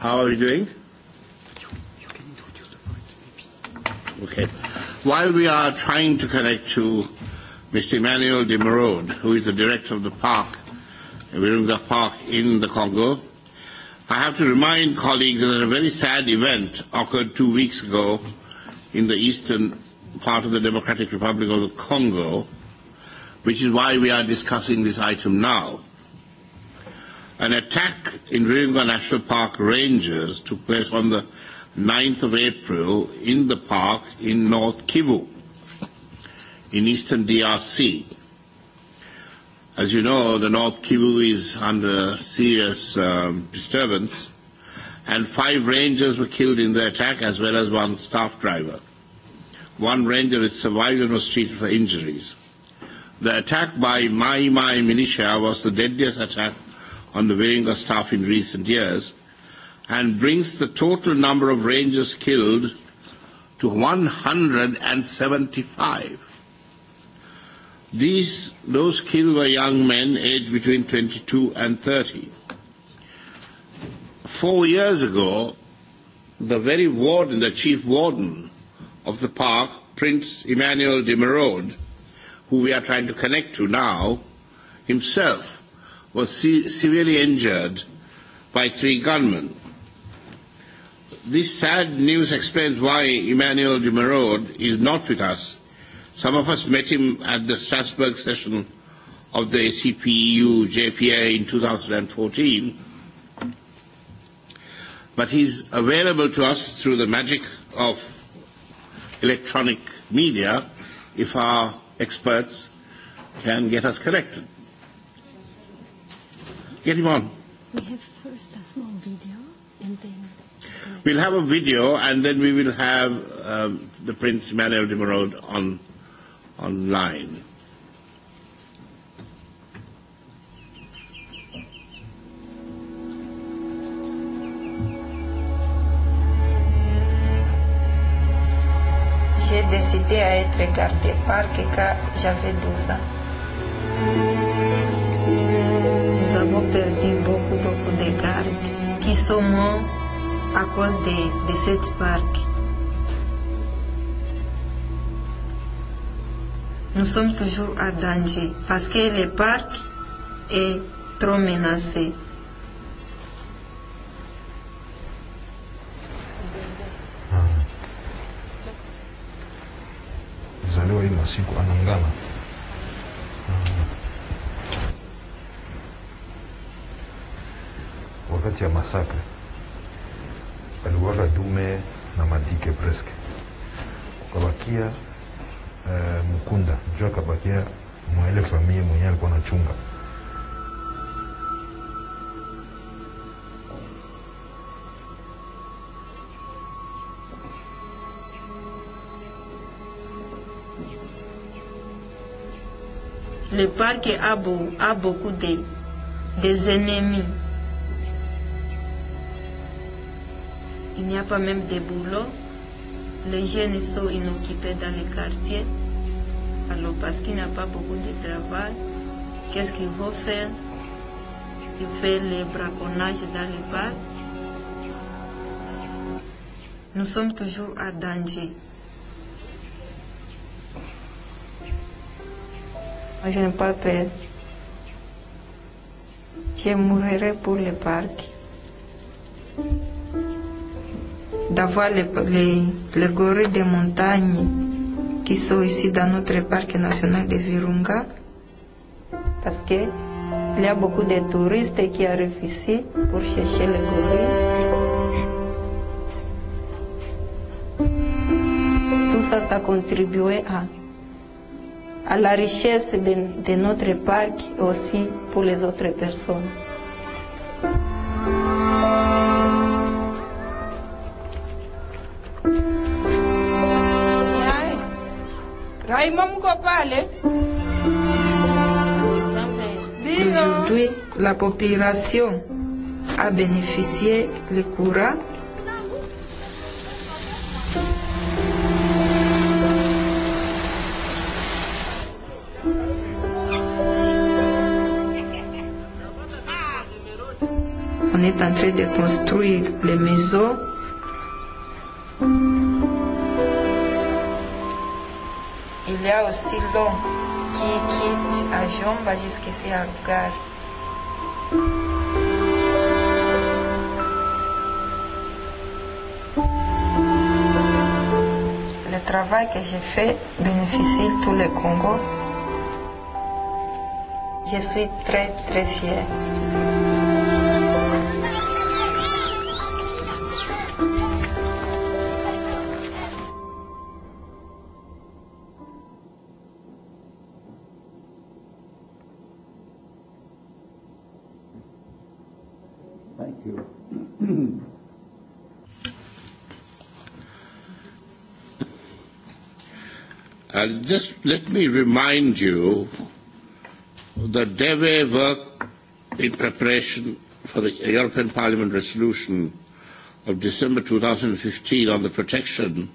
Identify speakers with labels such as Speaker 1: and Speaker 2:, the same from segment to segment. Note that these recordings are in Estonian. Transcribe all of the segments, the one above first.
Speaker 1: How are you doing? You, you can introduce the point, maybe. Okay. While we are trying to connect to Mr. Emmanuel de Merode, who is the director of the park, Virunga Park in the Congo, I have to remind colleagues that a very sad event occurred two weeks ago in the eastern part of the Democratic Republic of the Congo, which is why we are discussing this item now an attack in Virunga National Park rangers took place on the 9th of April in the park in North Kivu, in eastern DRC. As you know, the North Kivu is under serious um, disturbance, and five rangers were killed in the attack, as well as one staff driver. One ranger is survived and was treated for injuries. The attack by Mai Mai militia was the deadliest attack on the Wirringa staff in recent years and brings the total number of rangers killed to 175. These, those killed were young men aged between 22 and 30. Four years ago, the very warden, the chief warden of the park, Prince Emmanuel de Merode, who we are trying to connect to now, himself was se- severely injured by three gunmen. This sad news explains why Emmanuel de Merode is not with us. Some of us met him at the Strasbourg session of the ACPU e JPA in 2014, but he's available to us through the magic of electronic media if our experts can get us connected. Yeriman.
Speaker 2: We have first a small video and then.
Speaker 1: We'll have a video and then we will have um, the Prince Manuel de Merode on, online.
Speaker 3: J'ai décidé à être gardée par Keka, j'avais 12 ans am pierdut beaucoup, beaucoup de gardes qui sont morts à cause de, de cette parc. Nous sommes toujours à danger parce que le parc est trop menacé.
Speaker 4: mzaliwa ah. hii masiku anangana hmm. Ah. wakati ya Masaka aliuaga dume na madike preske, ukabakia uh, eh, Mkunda njo akabakia mwaile famie mwenye alikuwa anachunga
Speaker 3: Le parc a, beau, a beaucoup de, des ennemis. Il n'y a pas même des boulots. Les jeunes sont inoccupés dans les quartiers. Alors parce qu'il n'y a pas beaucoup de travail, qu'est-ce qu'ils vont faire Ils font les braconnages dans les bars. Nous sommes toujours à danger. Moi, je n'ai pas peur. Je mourrai pour le parc. d'avoir les, les, les gorilles des montagnes qui sont ici dans notre parc national de Virunga. Parce qu'il y a beaucoup de touristes qui arrivent ici pour chercher les gorilles. Tout ça, ça contribuait à, à la richesse de, de notre parc aussi pour les autres personnes. Haimamko pale Aujourd'hui, la population a bénéficié le courant On est en train de construire les maisons será oscilou que quite a jomba de esquecer a lugar. Le travail que j'ai fait bénéficie tout le Congo. Je suis très très fière.
Speaker 1: Uh, just let me remind you that DEWE worked in preparation for the European Parliament resolution of December 2015 on the protection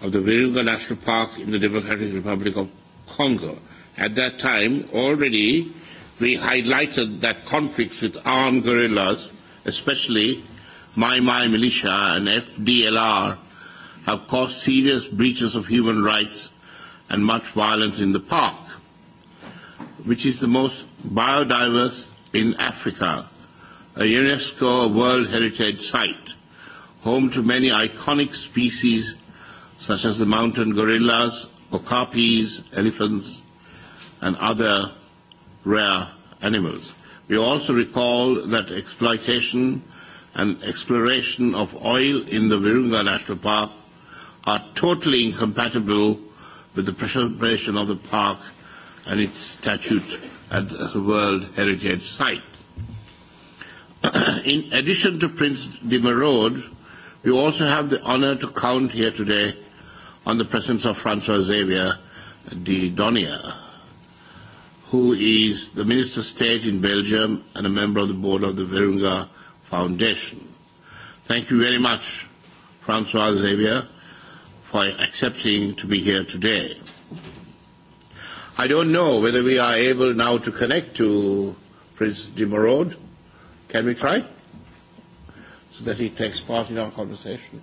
Speaker 1: of the Virunga National Park in the Democratic Republic of Congo. At that time, already we highlighted that conflicts with armed guerrillas, especially Mai Mai militia and FDLR, have caused serious breaches of human rights and much violence in the park, which is the most biodiverse in Africa, a UNESCO World Heritage Site, home to many iconic species such as the mountain gorillas, okapis, elephants, and other rare animals. We also recall that exploitation and exploration of oil in the Virunga National Park are totally incompatible with the preservation of the park and its statute as a World Heritage Site. In addition to Prince de Merode, we also have the honor to count here today on the presence of Francois Xavier de Donia, who is the Minister of State in Belgium and a member of the board of the Virunga Foundation. Thank you very much, Francois Xavier, for accepting to be here today. I don't know whether we are able now to connect to Prince de Merode. Can we try? So that he takes part in our conversation.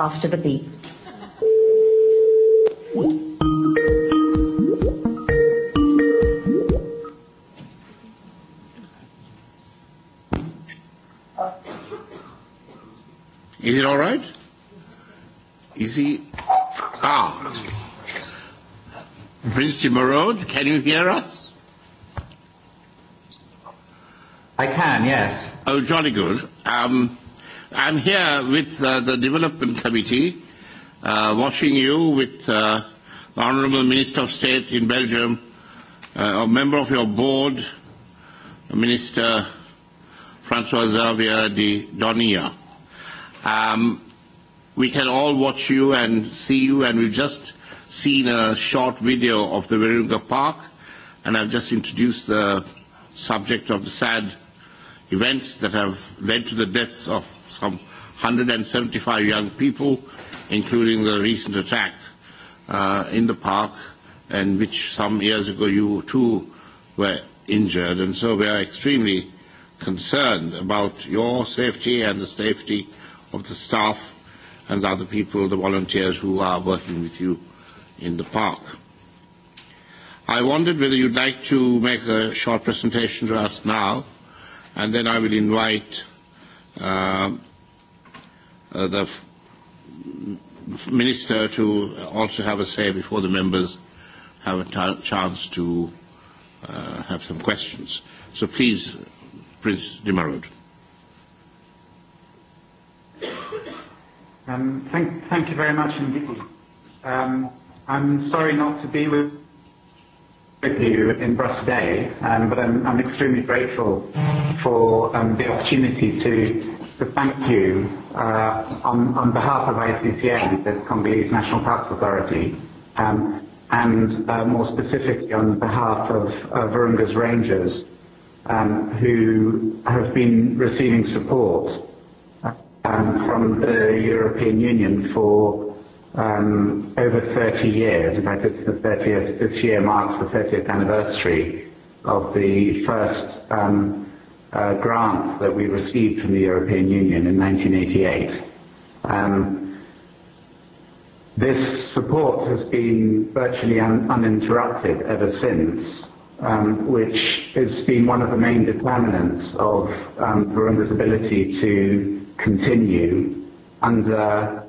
Speaker 5: after the beep.
Speaker 1: Is it all right? Is he? Ah. Mr. Marode, can you hear us?
Speaker 6: I can, yes.
Speaker 1: Oh, jolly good. Um, I'm here with uh, the Development Committee, uh, watching you with uh, the Honourable Minister of State in Belgium, uh, a member of your board, Minister Francois Xavier de Donia. Um, we can all watch you and see you, and we've just seen a short video of the Virunga Park, and I've just introduced the subject of the sad events that have led to the deaths of some 175 young people, including the recent attack uh, in the park, and which some years ago you too were injured. And so we are extremely concerned about your safety and the safety of the staff and other people, the volunteers who are working with you in the park. I wondered whether you'd like to make a short presentation to us now, and then I will invite uh, uh, the minister to also have a say before the members have a t- chance to uh, have some questions. So please, Prince Dimarod.
Speaker 6: Um, thank, thank you very much indeed. Um, I'm sorry not to be with with you in Brussels today, um, but I'm, I'm extremely grateful for um, the opportunity to, to thank you uh, on, on behalf of ICCN, the Congolese National Parks Authority, um, and uh, more specifically on behalf of uh, Virunga's Rangers, um, who have been receiving support um, from the European Union for um, over 30 years. In fact, it's the 30th, this year marks the 30th anniversary of the first um, uh, grant that we received from the European Union in 1988. Um, this support has been virtually un- uninterrupted ever since, um, which has been one of the main determinants of um, Burundi's ability to continue under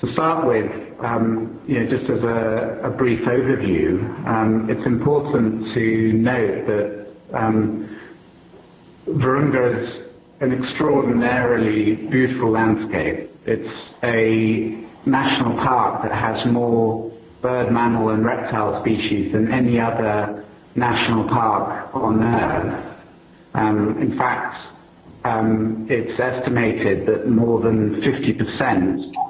Speaker 6: To start with, um, just as a brief overview, um, it's important to note that um, Virunga is an extraordinarily beautiful landscape. It's a national park that has more bird, mammal, and reptile species than any other national park on Earth. In fact, it's estimated that more than 50%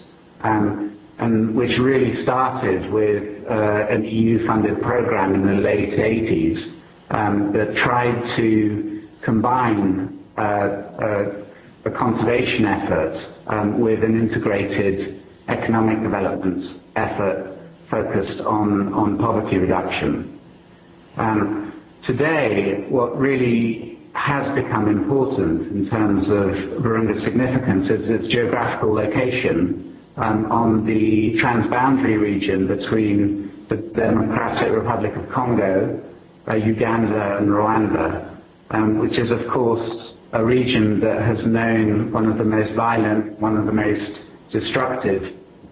Speaker 6: Um, which really started with uh, an EU-funded program in the late 1980s um, that tried to combine uh, uh, a conservation effort um, with an integrated economic development effort focused on poverty reduction. Today, what really has become important in terms of Virunga's significance is its geographical location Um, on the transboundary region between the Democratic Republic of Congo, uh, Uganda, and Rwanda, um, which is, of course, a region that has known one of the most violent, one of the most destructive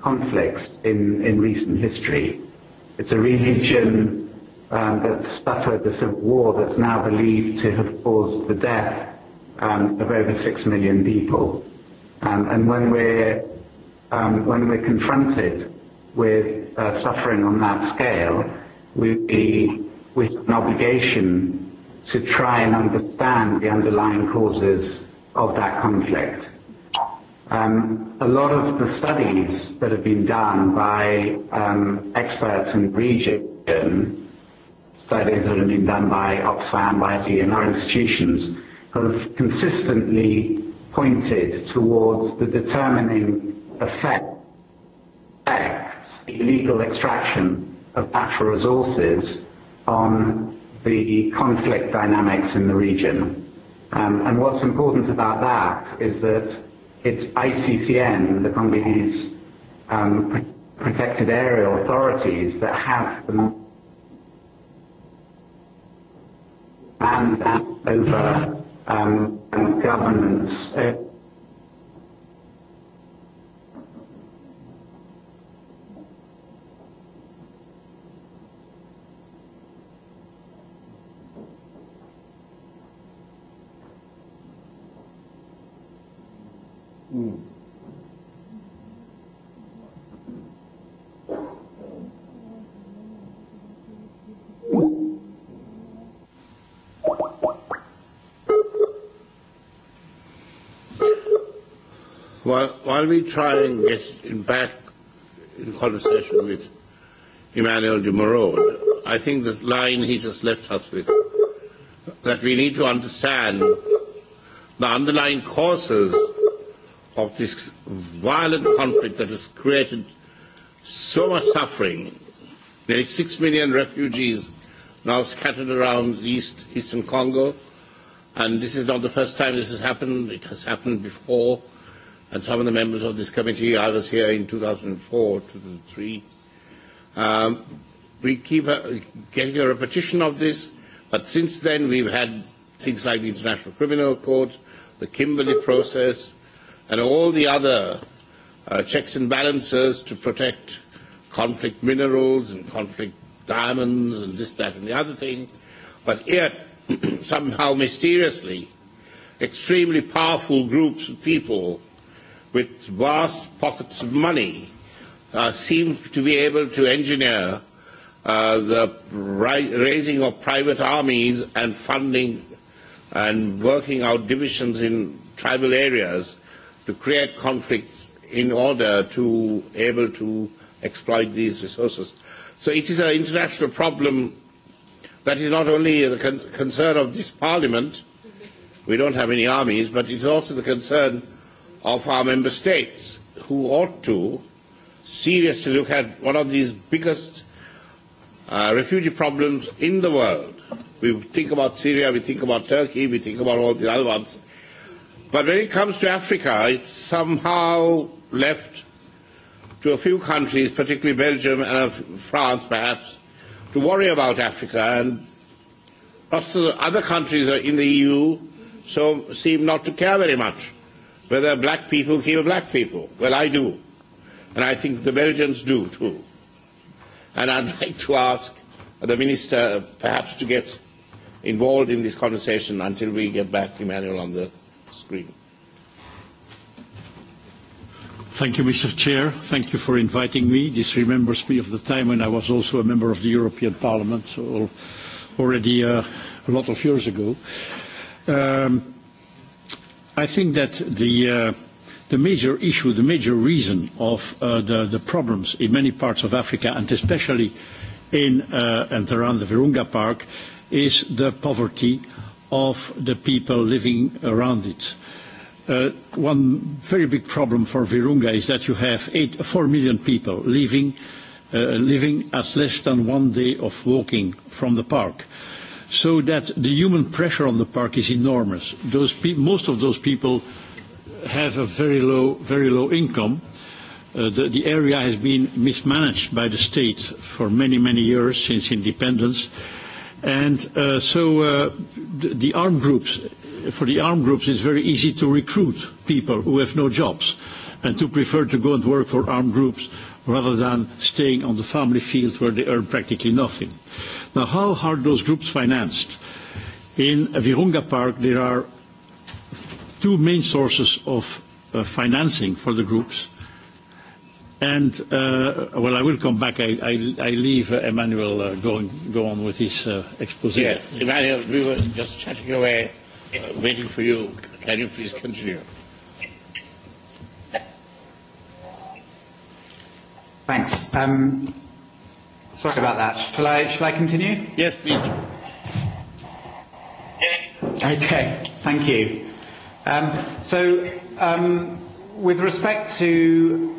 Speaker 6: conflicts in, in recent history. It's a region um, that suffered the civil war that's now believed to have caused the death um, of over six million people. Um, and when we're um, when we're confronted with uh, suffering on that scale, we, we have an obligation to try and understand the underlying causes of that conflict. Um, a lot of the studies that have been done by um, experts in the region, studies that have been done by Oxfam, by the and our institutions, have consistently pointed towards the determining affects illegal extraction of natural resources on the conflict dynamics in the region. Um, and what's important about that is that it's ICCN, the Congolese um, protected area authorities, that have the mandate over um, governance. Uh,
Speaker 1: Mm. While, while we try and get in back in conversation with Emmanuel de Moreau, I think this line he just left us with, that we need to understand the underlying causes of this violent conflict that has created so much suffering. Nearly six million refugees now scattered around East, Eastern Congo. And this is not the first time this has happened. It has happened before. And some of the members of this committee, I was here in 2004, 2003. Um, we keep a, uh, getting a repetition of this. But since then, we've had things like the International Criminal Court, the Kimberley process, and all the other uh, checks and balances to protect conflict minerals and conflict diamonds and this, that, and the other thing. But yet, somehow mysteriously, extremely powerful groups of people with vast pockets of money uh, seem to be able to engineer uh, the ri- raising of private armies and funding and working out divisions in tribal areas to create conflicts in order to able to exploit these resources. So it is an international problem that is not only the con- concern of this parliament, we don't have any armies, but it's also the concern of our member states who ought to seriously look at one of these biggest uh, refugee problems in the world. We think about Syria, we think about Turkey, we think about all the other ones. But when it comes to Africa, it's somehow left to a few countries, particularly Belgium and France perhaps, to worry about Africa. And lots of other countries are in the EU so seem not to care very much whether black people kill black people. Well, I do. And I think the Belgians do too. And I'd like to ask the Minister perhaps to get involved in this conversation until we get back, Emmanuel, on the screen.
Speaker 7: Thank you, Mr. Chair. Thank you for inviting me. This remembers me of the time when I was also a member of the European Parliament, so already uh, a lot of years ago. Um, I think that the, uh, the major issue, the major reason of uh, the, the problems in many parts of Africa, and especially in uh, and around the Virunga Park, is the poverty of the people living around it. Uh, one very big problem for Virunga is that you have eight, 4 million people living, uh, living at less than one day of walking from the park. So that the human pressure on the park is enormous. Those pe- most of those people have a very low, very low income. Uh, the, the area has been mismanaged by the state for many, many years since independence. Uh, And uh, so uh, the, the armed groups, for the armed groups, it's very easy to recruit people who have no jobs and to prefer to go and work for armed groups rather than staying on the family field where they earn practically nothing. Now, how are those groups financed? In Virunga Park, there are two main sources of uh, financing for the groups. Uh, And, uh, well, I will come back. I, I, I leave uh, Emmanuel uh, going, go on with his uh, expose. Yes.
Speaker 1: Emmanuel, we were just chatting away, uh, waiting for you. Can you please continue?
Speaker 6: Thanks. Um, sorry about that. Shall I, shall I continue? Yes, please. Okay. Thank you. Um, so, um, with respect to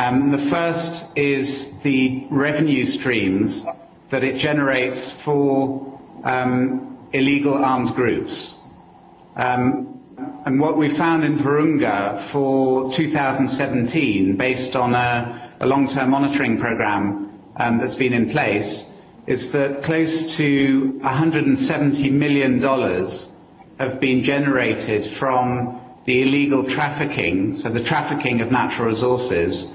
Speaker 6: Um, the first is the revenue streams that it generates for um, illegal armed groups. Um, and what we found in Virunga for 2017, based on a, a long-term monitoring program um, that's been in place, is that close to $170 million have been generated from the illegal trafficking, so the trafficking of natural resources,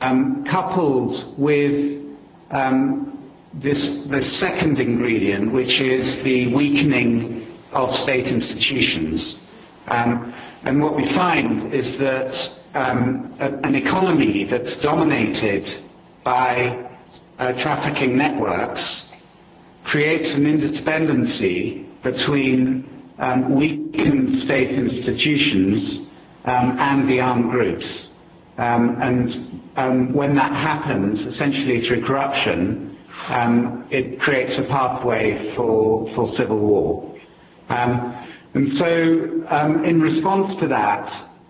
Speaker 6: um, coupled with um, this, the second ingredient, which is the weakening of state institutions. Um, and what we find is that um, a, an economy that's dominated by uh, trafficking networks creates an interdependency between um, weakened state institutions um, and the armed groups. Um, and um, when that happens, essentially through corruption, um, it creates a pathway for, for civil war. Um, and so um, in response to that,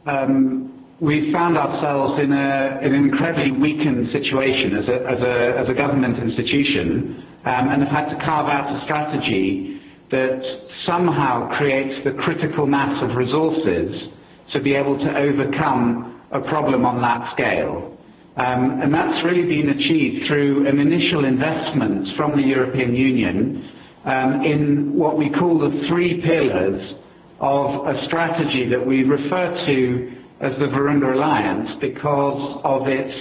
Speaker 6: um, we found ourselves in, a, in an incredibly weakened situation as a, as a, as a government institution um, and have had to carve out a strategy that somehow creates the critical mass of resources to be able to overcome a problem on that scale. Um, that's really been achieved through an initial investment from the European Union um, in what we call the three pillars of a strategy that we refer to as the Virunga Alliance because of its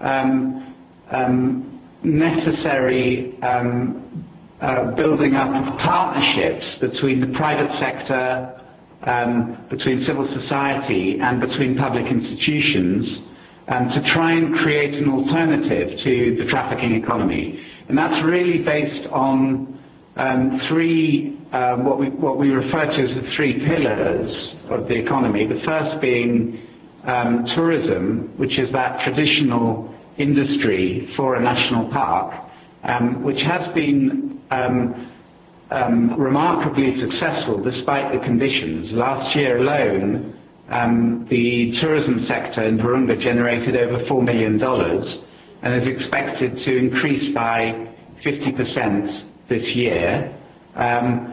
Speaker 6: um, um, necessary um, uh, building up of partnerships between the private sector, um, between civil society and between public institutions um, to try and create an alternative to the trafficking economy. And that's really based on um, three, uh, what, we, what we refer to as the three pillars of the economy. The first being um, tourism, which is that traditional industry for a national park, um, which has been um, Um, remarkably successful despite the conditions. Last year alone, um, the tourism sector in Virunga generated over $4 million and is expected to increase by 50% this year. Um,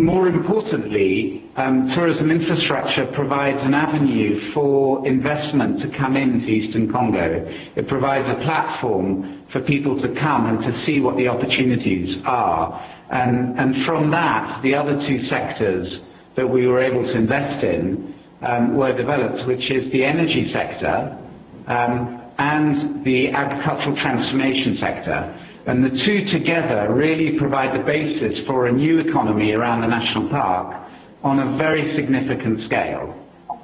Speaker 6: more importantly, tourism infrastructure provides an avenue for investment to come into Eastern Congo. It provides a platform for people to come and to see what the opportunities are. From that, the other two sectors that we were able to invest in um, were developed, which is the energy sector um, and the agricultural transformation sector. The two together really provide the basis for a new economy around the national park on a very significant scale.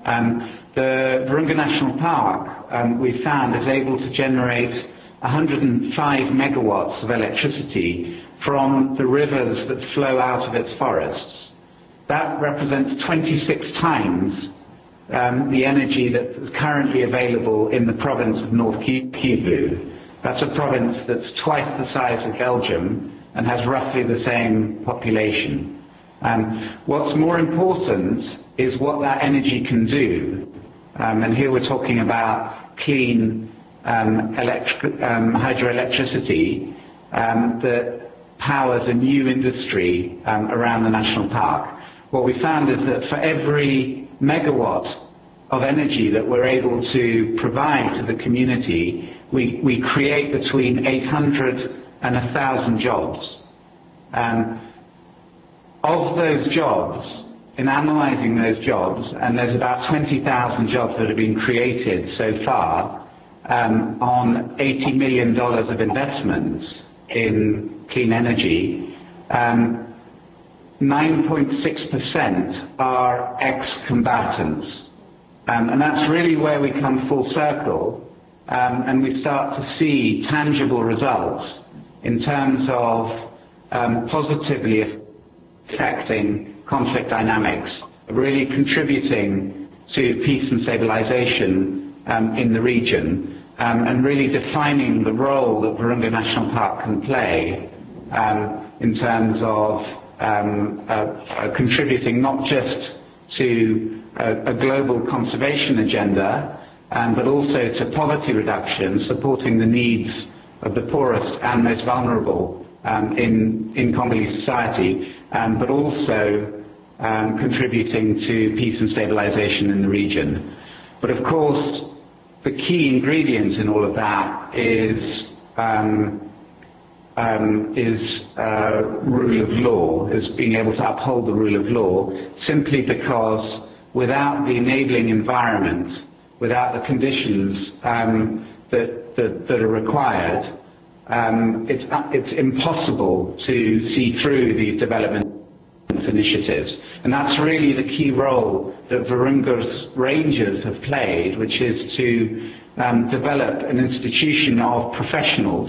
Speaker 6: Um, the Virunga National Park, we found, is able to generate 105 megawatts of electricity from the rivers that flow out of its forests. That represents 26 times um, the energy that is currently available in the province of North Kivu. That's a province that's twice the size of Belgium and has roughly the same population. Um, what's more important is what that energy can do. Um, here we're talking about clean hydroelectricity that powers a new industry um, around the national park. What we found is that for every megawatt of energy that we're able to provide to the community, we, we create between 800 and 1,000 jobs. Um, of those jobs, in analyzing those jobs, and there's about 20,000 jobs that have been created so far um, on $80 million of investments in clean energy, 9.6% um, are ex-combatants. Um, that's really where we come full circle, um, and we start to see tangible results in terms of positively affecting conflict dynamics, really contributing to peace and stabilization in the region, and really defining the role that Virunga National Park can play Um, in terms of um, uh, uh, contributing not just to uh, a global conservation agenda, um, but also to poverty reduction, supporting the needs of the poorest and most vulnerable in Congolese society, but also contributing to peace and stabilization in the region. Of course, the key ingredient in all of that is Um, is uh, rule of law, is being able to uphold the rule of law, simply because without the enabling environment, without the conditions um, that, that, that are required, um, it's, it's impossible to see through these development initiatives. And that's really the key role that Virunga's Rangers have played, which is to um, develop an institution of professionals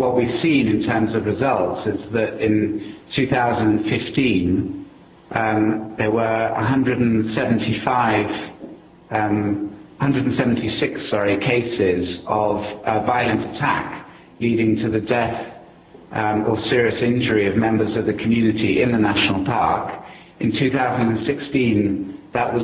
Speaker 6: what we've seen in terms of results is that in 2015, um, there were 175, um, 176 sorry, cases of uh, violent attack leading to the death um, or serious injury of members of the community in the national park. In 2016, that was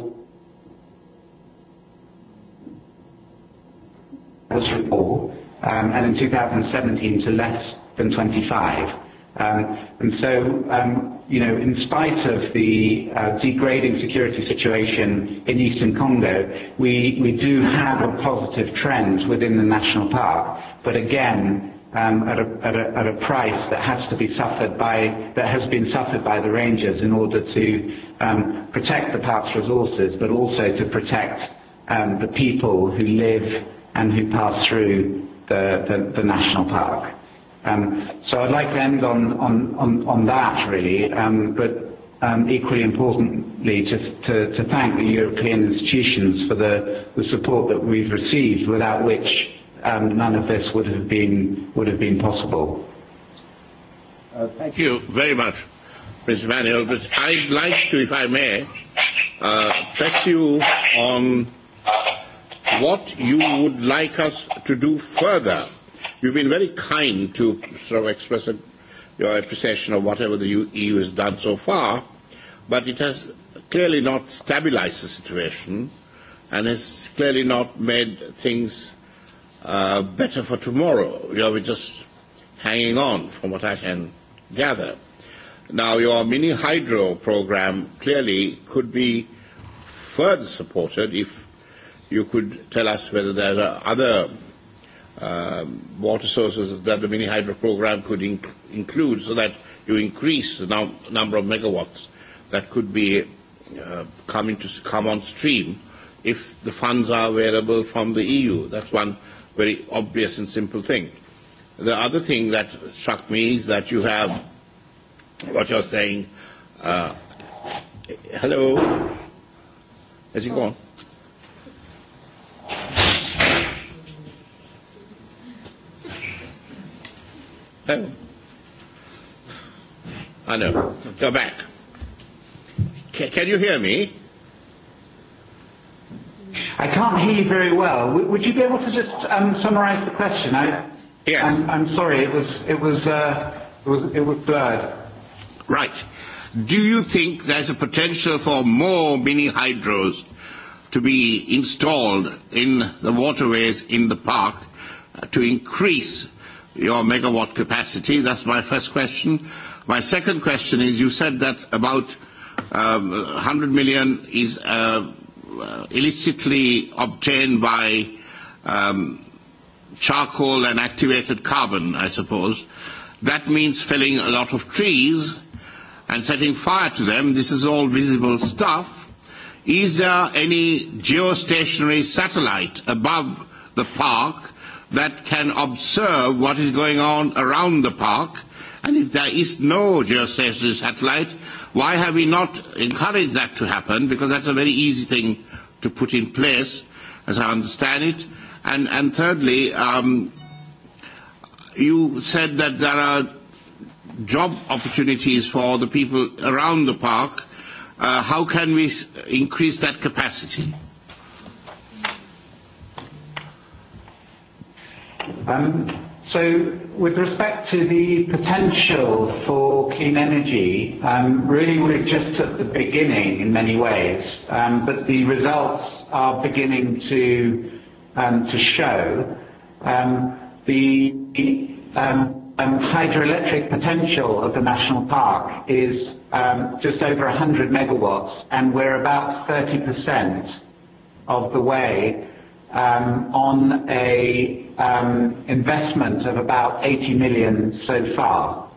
Speaker 6: was four um, and in 2017 to less than 25. Um, and so, um, you know, in spite of the uh, degrading security situation in eastern Congo, we, we do have a positive trend within the national park, but again, um, at, a, at, a, at a price that has to be suffered by, that has been suffered by the rangers in order to um, protect the park's resources, but also to protect um, the people who live and who pass through the national park. Um, I'd like to end on that really, um, but um, equally importantly, just to thank the European institutions for the support that we've received, without which none of this would have been possible.
Speaker 1: Uh, thank you very much, Mr. Manuel. I'd like to, if I may, uh, press you on what you would like us to do further. You've been very kind to sort of express a, your appreciation of whatever the EU e has done so far, but it has clearly not stabilized the situation and has clearly not made things uh, better for tomorrow. You know, we're just hanging on from what I can gather. Now, your mini hydro program clearly could be further supported if you could tell us whether there are other uh, water sources that the mini hydro program could inc- include so that you increase the num- number of megawatts that could be uh, come, into, come on stream if the funds are available from the EU. That's one very obvious and simple thing. The other thing that struck me is that you have what you're saying. Uh, hello? Has he gone? Oh. I know. You're back. C- can you hear me? I can't hear you very well. W- would you be able to
Speaker 6: just um, summarise the question? I,
Speaker 1: yes. I'm, I'm sorry. It
Speaker 6: was it was, uh, it
Speaker 1: was it was blurred. Right. Do you think there's a potential for more mini hydros to be installed in the waterways in the park uh, to increase your megawatt capacity? That's my first question. My second question is, you said that about um, 100 million is uh, uh, illicitly obtained by um, charcoal and activated carbon, I suppose. That means felling a lot of trees and setting fire to them. This is all visible stuff Is there any geostationary satellite above the park that can observe what is going on around the park? And if there is no geostationary satellite, why have we not encouraged that to happen? Because that's a very easy thing to put in place, as I understand it. And, and thirdly, um, you said that there are job opportunities for the people around the park Uh, how can we increase that capacity?
Speaker 6: Um, so with respect to the potential for clean energy, um, really we're just at the beginning in many ways, um, but the results are beginning to um, to show. Um, the um, um, hydroelectric potential of the national park is Um, just over 100 MW, and we're about 30% of the way um, on an um, investment of about 80 million so far.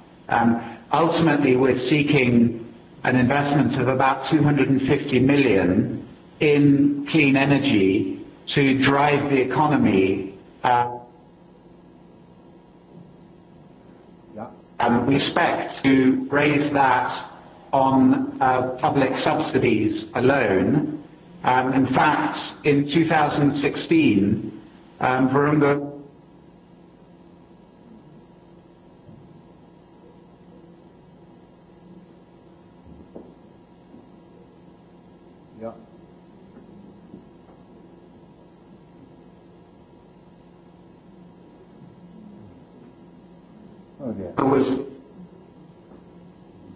Speaker 6: Ultimately, we're seeking an investment of about 250 million in clean energy to drive the economy. Uh,
Speaker 4: yeah.
Speaker 6: We expect to raise that on uh, public subsidies alone. Um, in fact, in 2016, um, Virunga
Speaker 4: Yeah. Oh, dear. was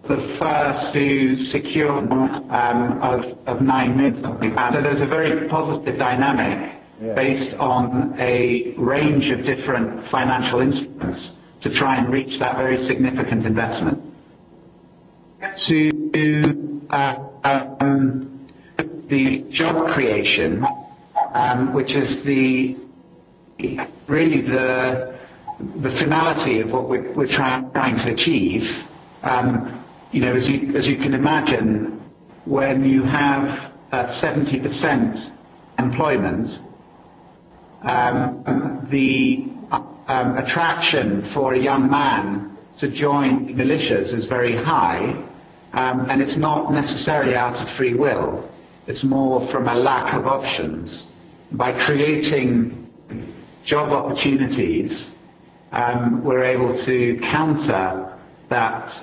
Speaker 6: The first to secure um, of, of nine bids that we've had. So there's a very positive dynamic yeah. based on a range of different financial instruments to try and reach that very significant investment. To uh, um, the job creation, um, which is the really the the finality of what we're, we're try, trying to achieve. Um, As you can imagine, when you have 70% uh, employment, um, the um, attraction for a young man to join the militias is very high. Um, it's not necessarily out of free will. It's more from a lack of options. By creating job opportunities, we're able to counter that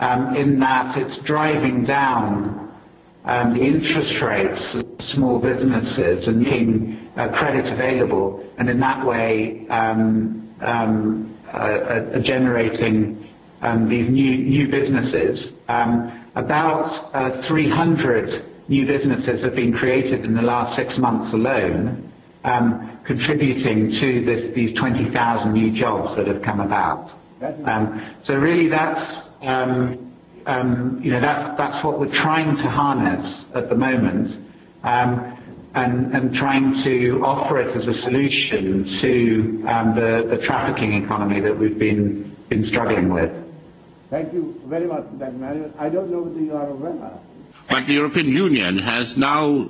Speaker 6: Um, in that it's driving down um, the interest rates of small businesses and making uh, credit available, and in that way, um, uh, uh, generating these new businesses. About 300 new businesses have been created in the last six months alone, contributing to these 20,000 new jobs that have come about. Really that's um, um, you know, that, that's what we're trying to harness at the moment, um, and, and trying to offer it as a solution to um, the, the trafficking economy that we've
Speaker 1: been, been struggling with. Thank you very much, Dr. Manuel. I don't know whether you are aware. But the European Union has now,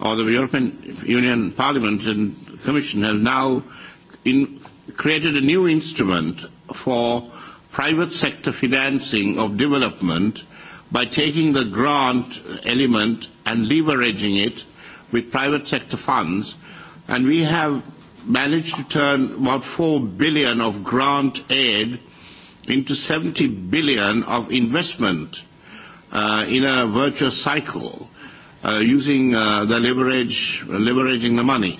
Speaker 1: or the European Union Parliament and Commission have now in, created a new instrument for uh, private sector financing of development by taking the grant element and leveraging it with private sector funds. And we have managed to turn about 4 billion of grant aid into 70 billion of investment uh, in a virtuous cycle uh, using uh, the leverage, leveraging the money.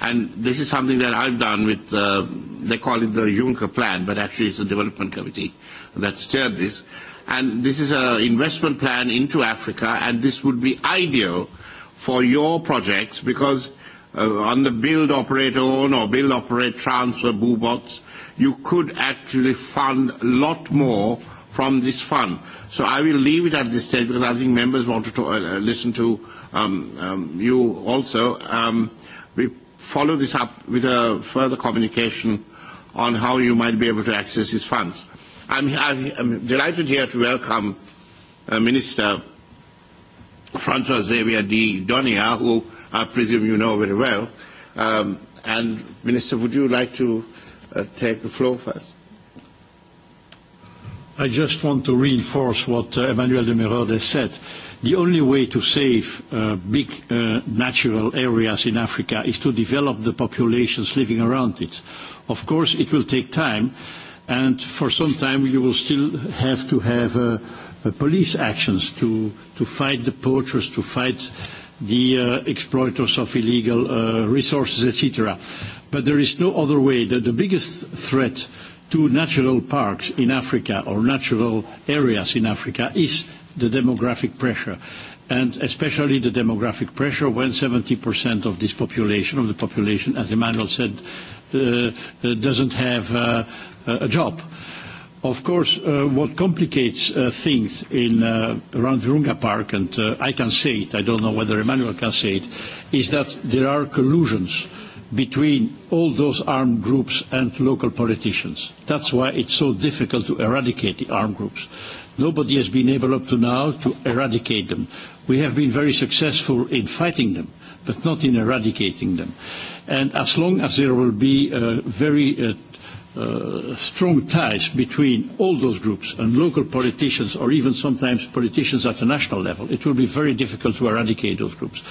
Speaker 1: And this is something that I've done with, uh, they call it the Juncker Plan, but actually it's the Development Committee that steered this. And this is an investment plan into Africa, and this would be ideal for your projects because uh, on the build, operate, own, or build, operate, transfer, BOOBOTs, you could actually fund a lot more from this fund. So I will leave it at this stage because I think members wanted to uh, listen to um, um, you also. Um, we follow this up with a further communication on how you might be able to access these funds. I'm, I'm, I'm delighted here to welcome uh, Minister Francois Xavier de Donia, who I presume you know very well. Um, and Minister, would you like to uh, take the floor first?
Speaker 7: I just want to reinforce what uh, Emmanuel de Merode said. Uh, The only way to save uh, big uh, natural areas in Africa is to develop the populations living around it. Of course, it will take time, and for some time you will still have to have uh, uh, police actions to, to fight the poachers, to fight the uh, exploiters of illegal uh, resources, etc. But there is no other way. The, the biggest threat to natural parks in Africa or natural areas in Africa is the demographic pressure, and especially the demographic pressure when 70% of this population, of the population, as Emmanuel said, uh, uh doesn't have uh, a job. Of course, uh, what complicates uh, things in uh, around Virunga Park, and uh, I can say it, I don't know whether Emmanuel can say it, is that there are collusions between all those armed groups and local politicians. That's why it's so difficult to eradicate the armed groups. Uh, Nobody has been able up to now to eradicate them. We have been very successful in fighting them, but not in eradicating them. And as long as there will be uh, very uh, uh, strong ties between all those groups and local politicians, or even sometimes politicians at the national level, it will be very difficult to eradicate those groups.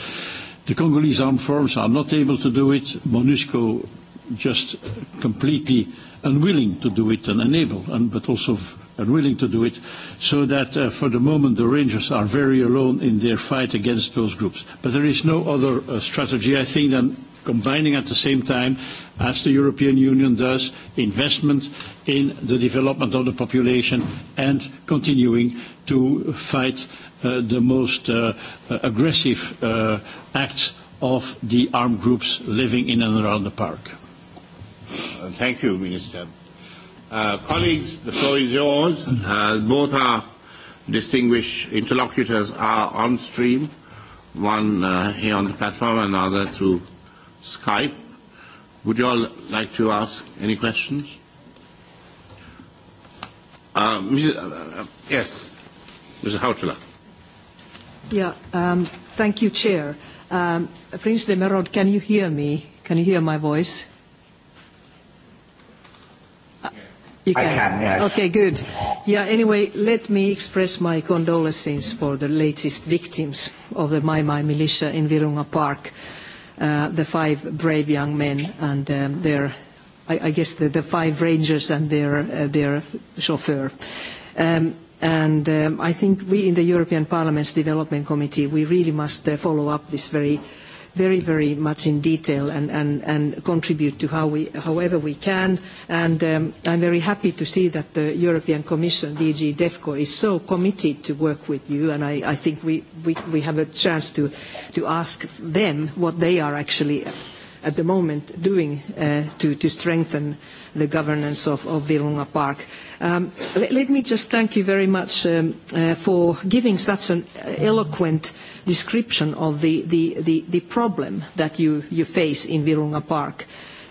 Speaker 7: The Congolese armed forces are not able to do it. MONUSCO just completely unwilling to do it and unable, and, but also and willing to do it, so that uh, for the moment the Rangers are very alone in their fight against those groups. But there is no other uh, strategy, I think, than combining at the same time, as the European Union does, investment in the development of the population and continuing to fight uh, the most uh, uh aggressive uh, acts of the armed groups
Speaker 1: living in and around the park. Uh, thank you, Minister. Uh, colleagues, the floor is yours. Uh, both our distinguished interlocutors are on stream, one uh, here on the platform, another through Skype. Would you all like to ask any questions? Uh, Mrs. Uh, uh, yes, Mrs. Hautala.
Speaker 8: Yeah, um, thank you, Chair. Um, Prince Demerod, can you hear me? Can you hear my voice? You can. I can, yeah. Okay, good. Yeah, anyway, let me express my condolences for the latest victims of the Mai Mai militia in Virunga Park, uh, the five brave young men and um, their, I, I guess, the, the five rangers and their, uh, their chauffeur. Um, and um, I think we in the European Parliament's Development Committee, we really must uh, follow up this very uh, very, very much in detail and, and, and contribute to how we, however we can. And um, I'm very happy to see that the European Commission, DG DEFCO, is so committed to work with you, and I, I think we, we, we have a chance to, to ask them what they are actually at the moment doing uh, to, to strengthen the governance of, of Virunga Park. Um, let, let me just thank you very much um, uh, for giving such an uh, eloquent description of the, the, the, the problem that you, you face in Virunga Park.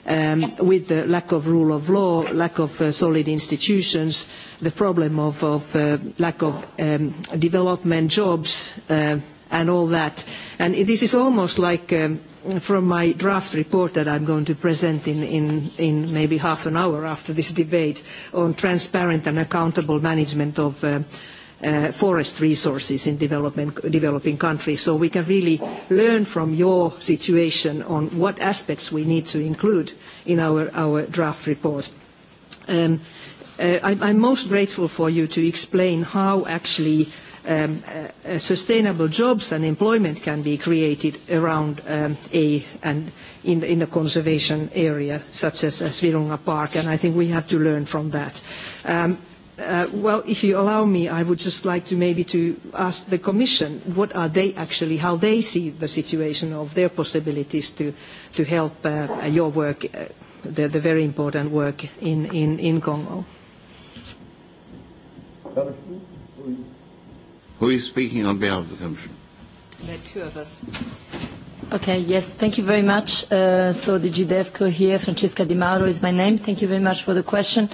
Speaker 8: Um, with the lack of rule of law, lack of uh, solid institutions, the problem of, of uh, lack of um, development jobs, uh, and all that. And this is almost like um, from my draft report that I'm going to present in, in, in maybe half an hour after this debate on transparent and accountable management of uh, uh, forest resources in developing countries. So we can really learn from your situation on what aspects we need to include in our, our draft report. Um, uh, I, I'm most grateful for you to explain how actually uh, um, uh, sustainable jobs and employment can be created around um, a and in, in the conservation area, such as, as Virunga Park, and I think we have to learn from that. Um, Uh, well, if you allow me, I would just like to maybe to ask the Commission what are they actually, how they see the situation of their possibilities to, to help uh, your work, uh, the, the very important work in, in, in Congo.
Speaker 7: Robert.
Speaker 1: Who is speaking on behalf of the Commission?
Speaker 9: There are two of us.
Speaker 2: Okay, yes, thank you very much. Uh, so the GDEFCO here, Francesca Di Mauro is my name. Thank you very much for the question.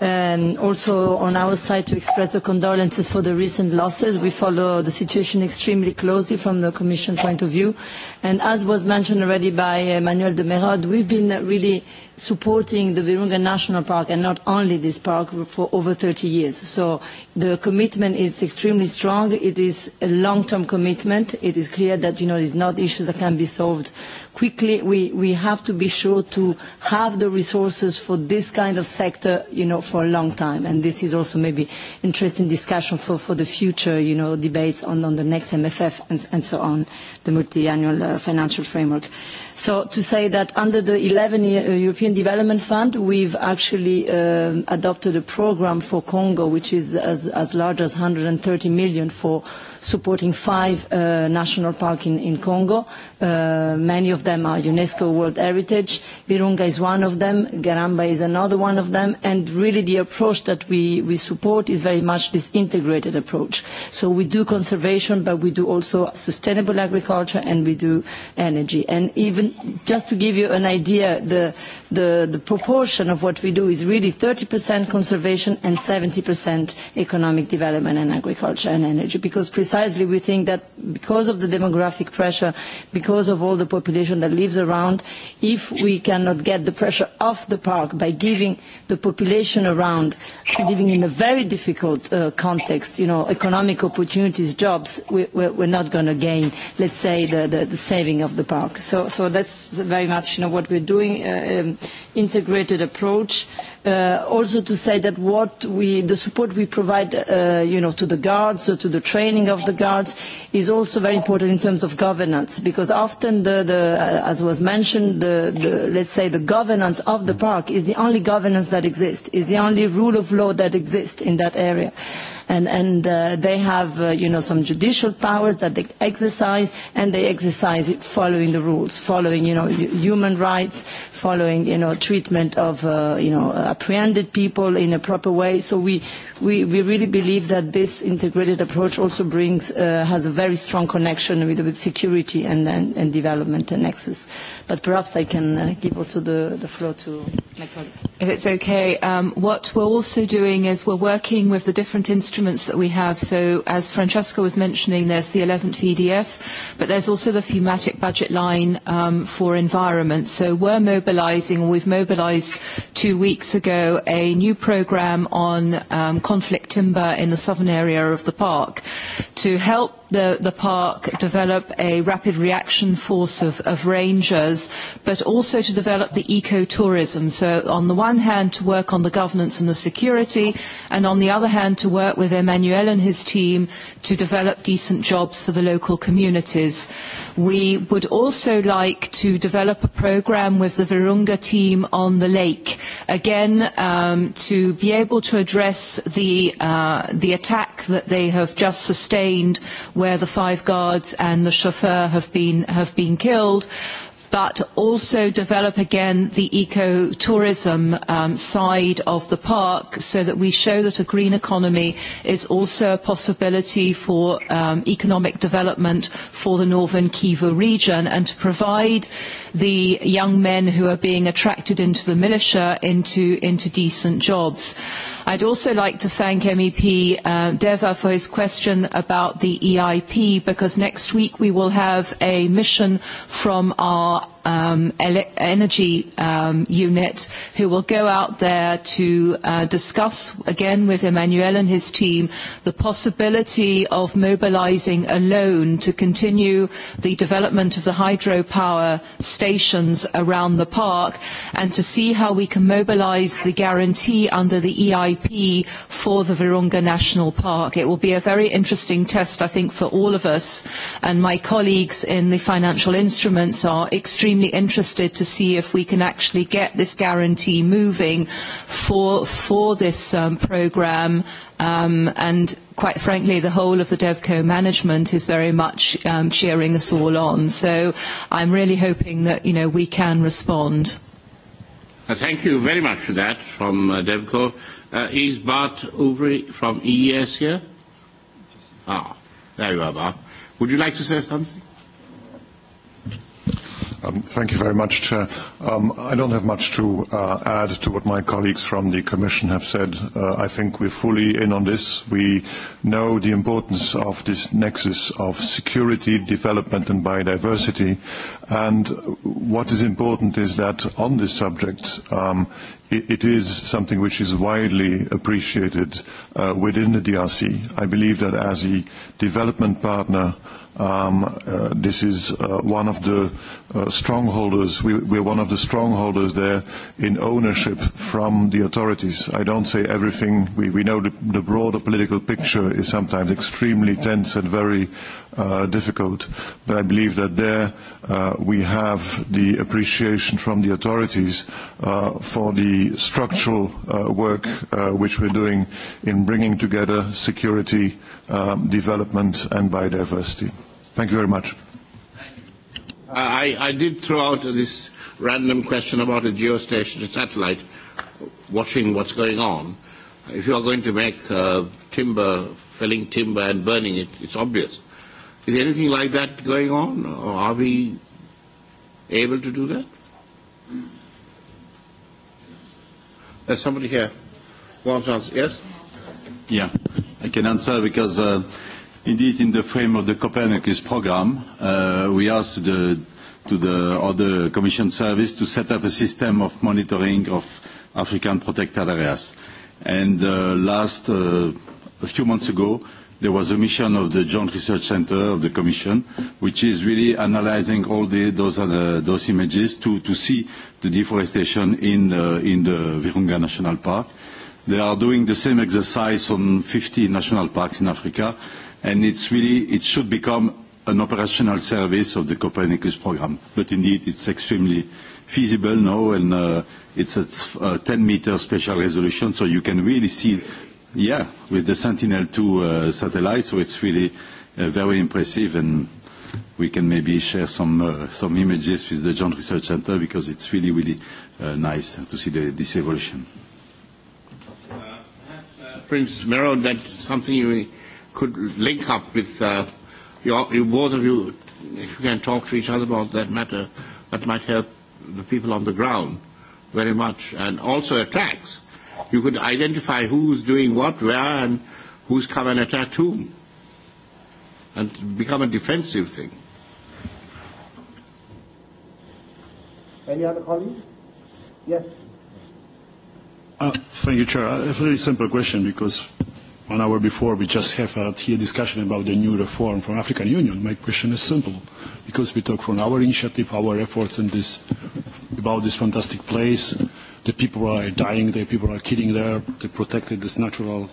Speaker 2: Um, also on our side to express the condolences for the recent losses. We follow the situation extremely closely from the Commission point of view. And as was mentioned already by uh, Manuel de Merod, we've been really supporting the Virunga National Park and not only this park for over 30 years. So the commitment is extremely strong. It is a long-term commitment. It is clear that, you know, it's not issues that can be solved quickly. We, we have to be sure to have the resources for this kind of sector, you know, for a long time. And this is also maybe interesting discussion for, for the future, you know, debates on, on the next MFF and, and so on, the multi-annual uh, financial framework. Uh, So to say that under the 11 uh, European Development Fund, we've actually um, adopted a program for Congo, which is as, as large as 130 million for supporting five uh, national parks in, in Congo. Uh, many of them are UNESCO World Heritage. Virunga is one of them. Garamba is another one of them. And really the approach that we, we support is very much this integrated approach. So we do conservation, but we do also sustainable agriculture and we do energy. And even just to give you an idea, the, the, the proportion of what we do is really 30% conservation and 70% economic development and agriculture and energy because precisely precisely we think that because of the demographic pressure, because of all the population that lives around, if we cannot get the pressure off the park by giving the population around living in a very difficult uh, context, you know, economic opportunities, jobs, we, we're, we're not going to gain, let's say, the, the, the saving of the park. So, so that's very much you know, what we're doing, uh, um, integrated approach. Uh, Uh, also to say that what we, the support we provide, uh, you know, to the guards or to the training of the guards is also very important in terms of governance, because often the, the uh, as was mentioned, the, the, let's say the governance of the park is the only governance that exists, is the only rule of law that exists in that area and, and uh, they have uh, you know, some judicial powers that they exercise, and they exercise it following the rules, following you know, human rights, following you know, treatment of uh, you know, apprehended people in a proper way. So we, we, we really believe that this integrated approach also brings, uh, has a very strong connection with, with security and, and, and development and access. But perhaps I can uh, give also the, the floor to my colleague. If it's okay, um, what we're
Speaker 9: also doing is we're working with the different instruments instruments that we have. So as Francesca was mentioning, there's the 11th EDF, but there's also the thematic budget line um, for environment. So we're mobilizing, we've mobilized two weeks ago, a new program on um, conflict timber in the southern area of the park to help the, the park, develop a rapid reaction force of, of rangers, but also to develop the ecotourism. So on the one hand, to work on the governance and the security, and on the other hand, to work with Emmanuel and his team to develop decent jobs for the local communities. We would also like to develop a program with the Virunga team on the lake, again, um, to be able to address the, uh, the attack that they have just sustained where the five guards and the chauffeur have been, have been killed but also develop again the ecotourism um, side of the park so that we show that a green economy is also a possibility for um, economic development for the northern Kivu region and to provide the young men who are being attracted into the militia into, into decent jobs. I'd also like to thank MEP uh, Deva for his question about the EIP because next week we will have a mission from our um, ele- energy um, unit who will go out there to uh, discuss again with Emmanuel and his team the possibility of mobilizing a loan to continue the development of the hydropower stations around the park and to see how we can mobilize the guarantee under the EIP for the Virunga National Park. It will be a very interesting test, I think, for all of us and my colleagues in the financial instruments are extremely extremely interested to see if we can actually get this guarantee moving for, for this um, programme um, and quite frankly, the whole of the DevCo management is very much um, cheering us all on. So I'm really hoping that you know we can respond.
Speaker 1: Uh, thank you very much for that from uh, DevCo. Uh, is Bart Ubri from EES here? Ah, there you are, Bart. Would you like to say something?
Speaker 10: Um, thank you very much, Chair. Um, I don't have much to uh, add to what my colleagues from the Commission have said. Uh, I think we're fully in on this. We know the importance of this nexus of security, development and biodiversity. And what is important is that on this subject, um, it, it is something which is widely appreciated uh, within the DRC. I believe that as a development partner, um, uh, this is uh, one of the uh, strongholders. We, we're one of the strongholders there in ownership from the authorities. I don't say everything. We, we know the, the broader political picture is sometimes extremely tense and very uh, difficult. But I believe that there uh, we have the appreciation from the authorities uh, for the structural uh, work uh, which we're doing in bringing together security, um, development and biodiversity. Thank you very much.
Speaker 1: Uh, I, I did throw out this random question about a geostationary satellite watching what's going on. If you are going to make uh, timber, felling timber and burning it, it's obvious Is anything like that going on, or are we able to do that? There's somebody here wants to answer. Yes?
Speaker 4: Yeah, I can answer because uh, indeed in the frame of the Copernicus program, uh, we asked the, to the other Commission service to set up a system of monitoring of African protected areas. And uh, last, uh, a few months ago, uh, there was a mission of the Joint Research Center of the Commission, which is really analyzing all the, those, uh, those images to, to see the deforestation in, uh, in the Virunga National Park. They are doing the same exercise on 50 national parks in Africa, and it's really, it should become an operational service of the Copernicus program. But indeed, it's extremely feasible now, and uh, it's at uh, 10 meter spatial resolution, so you can really see Yeah, with the Sentinel-2 uh, satellite, so it's really uh, very impressive, and we can maybe share some uh, some images with the Joint Research Center because it's really, really uh, nice to see the, this evolution.
Speaker 1: Uh, uh, Prince Mero, that's something you could link up with uh, your, you, both of you, if you can talk to each other about that matter, that might help the people on the ground very much, and also attacks. Uh, You could identify who's doing what, where, and who's covering a tattoo, and become a defensive thing. Any other colleague? Yes.
Speaker 4: Uh, thank you, Chair. A very simple question because one hour before we just have a here discussion about the new reform from African Union. My question is simple because we talk from our initiative, our efforts in this, about this fantastic place, the people are dying there, people are killing there, they protected this natural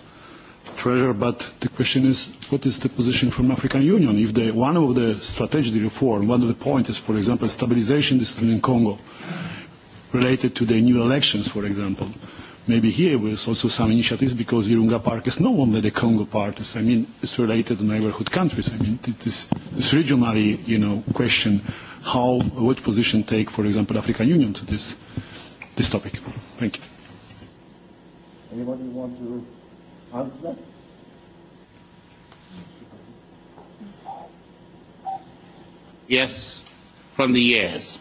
Speaker 4: treasure. But the question is, what is the position from African Union? If they, one of the strategic reform, one of the points is, for example, stabilization decision in Congo, related to the new elections, for example. Maybe here was also some initiatives because Virunga Park is no longer the Congo part. Is, I mean, it's related to neighborhood countries. I mean, this, this regionally, you know, question, how, what position take, for example, African Union to this? Uh, this topic. Thank you.
Speaker 6: Anybody want to answer?
Speaker 1: Yes, from the years.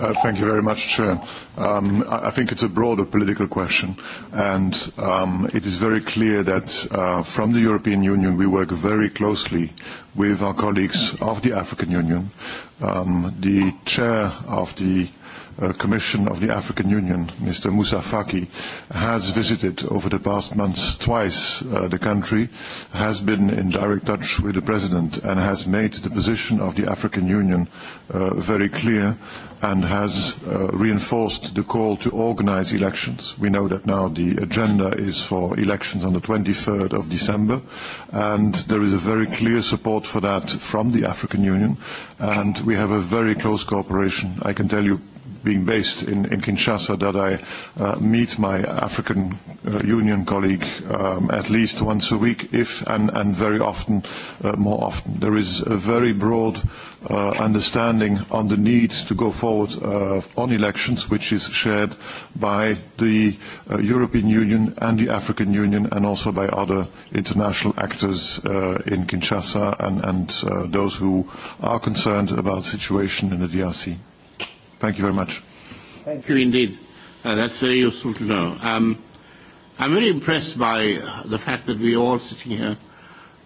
Speaker 10: Uh, thank you very much, Chair. Um, I, I think it's a broader political question, and um, it is very clear that uh, from the European Union we work very closely with our colleagues of the African Union. Um, the chair of the uh, Commission of the African Union, Mr. Moussa Faki, has visited over the past months twice uh, the country, has been in direct touch with the President and has made the position of the African Union uh, very clear and has uh, reinforced the call to organize elections. We know that now the agenda is for elections on the 23rd of December, and there is a very clear support for that from the African Union, and we have a very close cooperation. I can tell you being based in, in Kinshasa that I uh, meet my African uh, Union colleague um, at least once a week, if and, and very often, uh, more often. There is a very broad uh, understanding on the need to go forward uh, on elections, which is shared by the uh, European Union and the African Union and also by other international actors uh, in Kinshasa and, and uh, those who are concerned about the situation in the DRC. Thank you very much.
Speaker 1: Thank you indeed. Uh, that's very useful to know. Um, I'm very impressed by the fact that we're all sitting here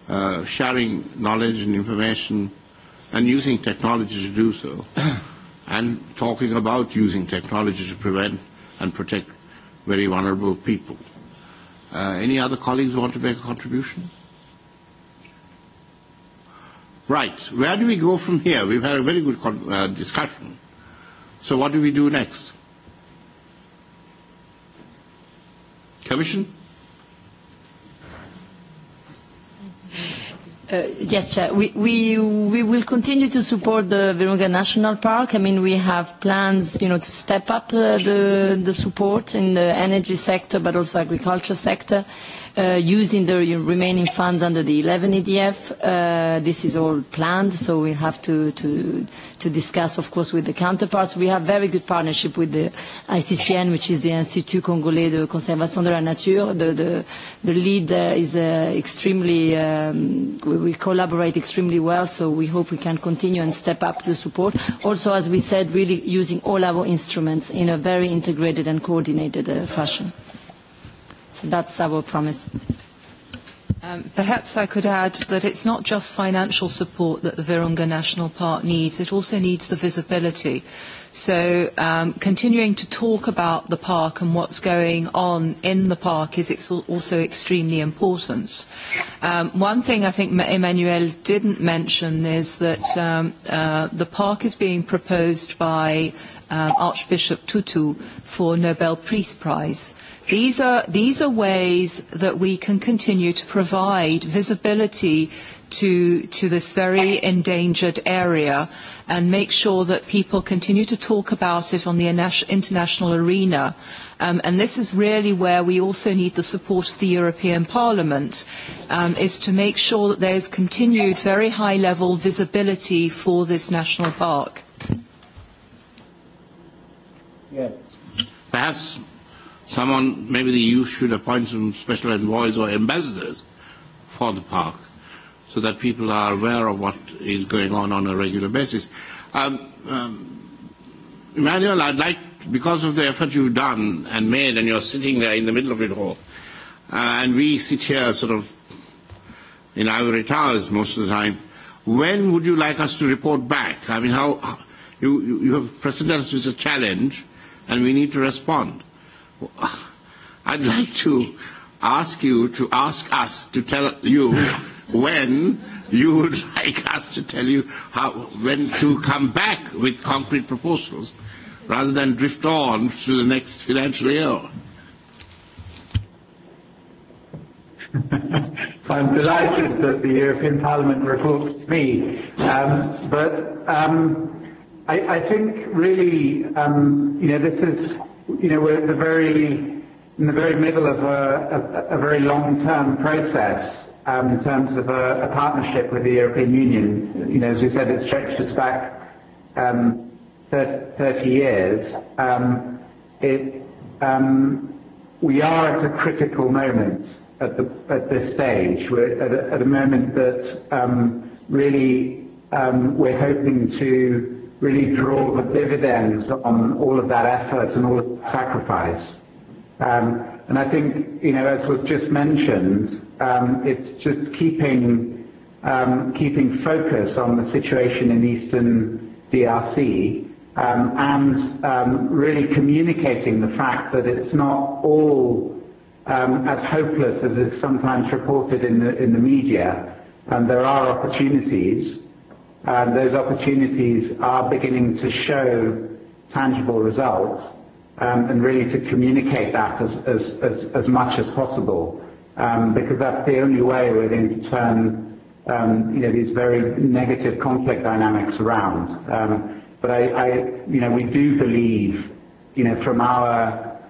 Speaker 1: uh, sharing knowledge and information and using technology to do so and talking about using technology to prevent and protect very vulnerable people. Uh, any other colleagues want to make a contribution? Right. Where do we go from here? We've had a very good con- uh, discussion. So what do we do next? Commission?
Speaker 2: Uh, yes, Chair. We, we, we will continue to support the Virunga National Park. I mean, we have plans, you know, to step up uh, the, the support in the energy sector, but also agriculture sector. Uh, uh, using the remaining funds under the 11 EDF. Uh, this is all planned, so we have to, to, to discuss, of course, with the counterparts. We have very good partnership with the ICCN, which is the Institut Congolais de Conservation de la Nature. The, the, the lead uh, is uh, extremely, um, we, we collaborate extremely well, so we hope we can continue and step up the support. Also, as we said, really using all our instruments in a very integrated and coordinated uh, fashion. That's our promise. Um, perhaps I could
Speaker 9: add that it's not just financial support that the Virunga National Park needs, it also needs the visibility. So um, continuing to talk about the park and what's going on in the park is ex- also extremely important. Um, one thing I think Emmanuel didn't mention is that um, uh, the park is being proposed by um, Archbishop Tutu for Nobel Peace Prize. These are, these are ways that we can continue to provide visibility to, to this very endangered area and make sure that people continue to talk about it on the international arena. Um, and this is really where we also need the support of the European Parliament, um, is to make sure that there's continued very high level visibility for this national park.
Speaker 1: Yes. Perhaps someone, maybe the EU should appoint some special envoys or ambassadors for the park so that people are aware of what is going on on a regular basis. Um, um, Emmanuel, I'd like, because of the effort you've done and made, and you're sitting there in the middle of it all, uh, and we sit here sort of in ivory towers most of the time, when would you like us to report back? I mean, how, you, you have presented us with a challenge and we need to respond. I'd like to ask you to ask us to tell you when you would like us to tell you how, when to come back with concrete proposals rather than drift on to the next financial year.
Speaker 6: I'm delighted that the European Parliament reports me, um, but um, I think really, um, we're in the very middle of a very long-term process um, in terms of a partnership with the European Union. As we said, it stretches back 30 um, years. We are at a critical moment at this stage. We're at a moment that really we're hoping to really draw the dividends on all of that effort and all of the sacrifice. Um, I think, you know, as was just mentioned, um, it's just um, keeping focus on the situation in Eastern DRC, and really communicating the fact that it's not all as hopeless as is sometimes reported in the media. There are opportunities, Those opportunities are beginning to show tangible results, um, and really to communicate that as much as possible, um, because that's the only way we're going to turn um, these very negative conflict dynamics around. We do believe from our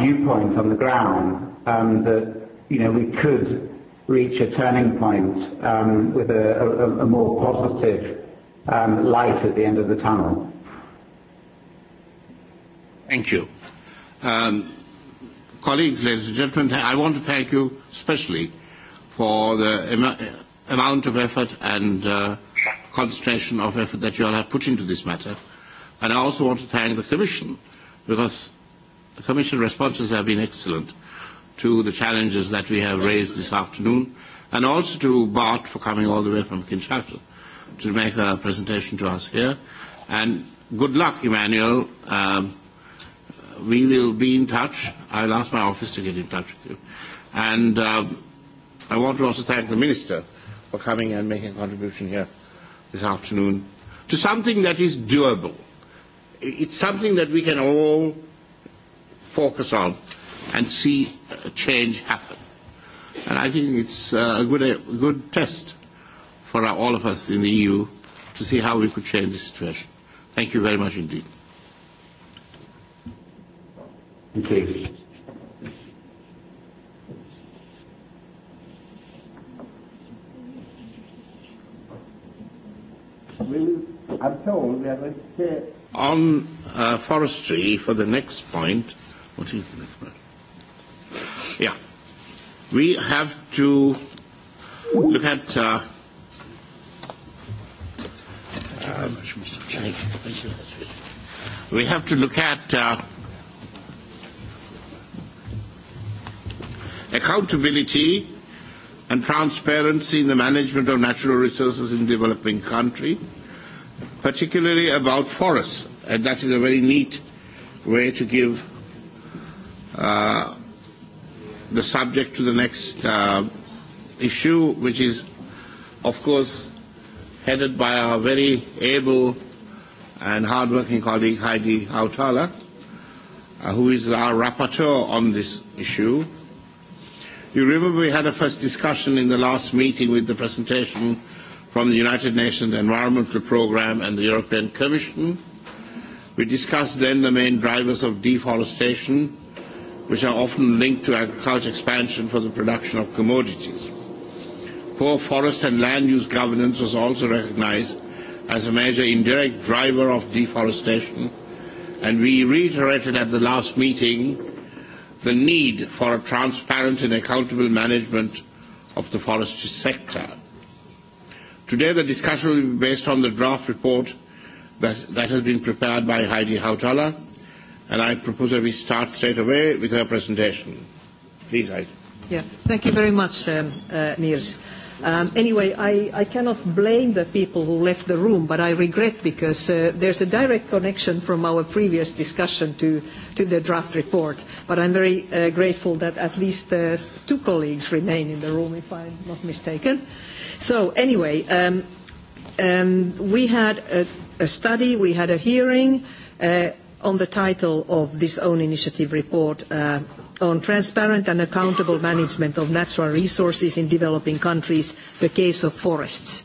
Speaker 6: viewpoint on the ground, that we could reach a turning point um, with a more positive um, light at the end of the tunnel.
Speaker 1: Thank you. Um, colleagues, ladies and gentlemen, I want to thank you especially for the amount of effort and uh, concentration of effort that you all have put into this matter. And I also want to thank the Commission because the Commission responses have been excellent to the challenges that we have raised this afternoon, and also to Bart for coming all the way from Kinshasa to make a presentation to us here. And good luck, Emmanuel. Um, we will be in touch. I'll ask my office to get in touch with you. And um, I want to also thank the Minister for coming and making a contribution here this afternoon to something that is doable. It's something that we can all focus on and see a change happen. And I think it's uh, a good, a good test for our, all of us in the EU to see how we could change the situation. Thank you very much indeed. Thank you. Will, I'm told we are going to... On uh, forestry, for the next point, what is the next point? Yeah. We have to look at. Uh, Thank you very much, Mr. Chair. Thank you. Thank you. We have to look at uh, accountability and transparency in the management of natural resources in developing country, particularly about forests. And that is a very neat way to give uh, the subject to the next uh, issue, which is, of course, headed by our very able and hard-working colleague Heidi Hautala, uh, who is our rapporteur on this issue. You remember we had a first discussion in the last meeting with the presentation from the United Nations Environmental Programme and the European Commission. We discussed then the main drivers of deforestation which are often linked to agricultural expansion for the production of commodities. Poor forest and land use governance was also recognized as a major indirect driver of deforestation, and we reiterated at the last meeting the need for a transparent and accountable management of the forestry sector. Today, the discussion will be based on the draft report that, that has been prepared by Heidi Hautala, and I propose that we start straight away with her presentation. Please, Heidi.
Speaker 8: Yeah, thank you very much, um, uh, Niels. Um, anyway, I, I cannot blame the people who left the room, but I regret because uh, there's a direct connection from our previous discussion to, to the draft report. But I'm very uh, grateful that at least uh, two colleagues remain in the room, if I'm not mistaken. So anyway, um, um, we had a, a study, we had a hearing. Uh, on the title of this own initiative report uh, on transparent and accountable management of natural resources in developing countries, the case of forests.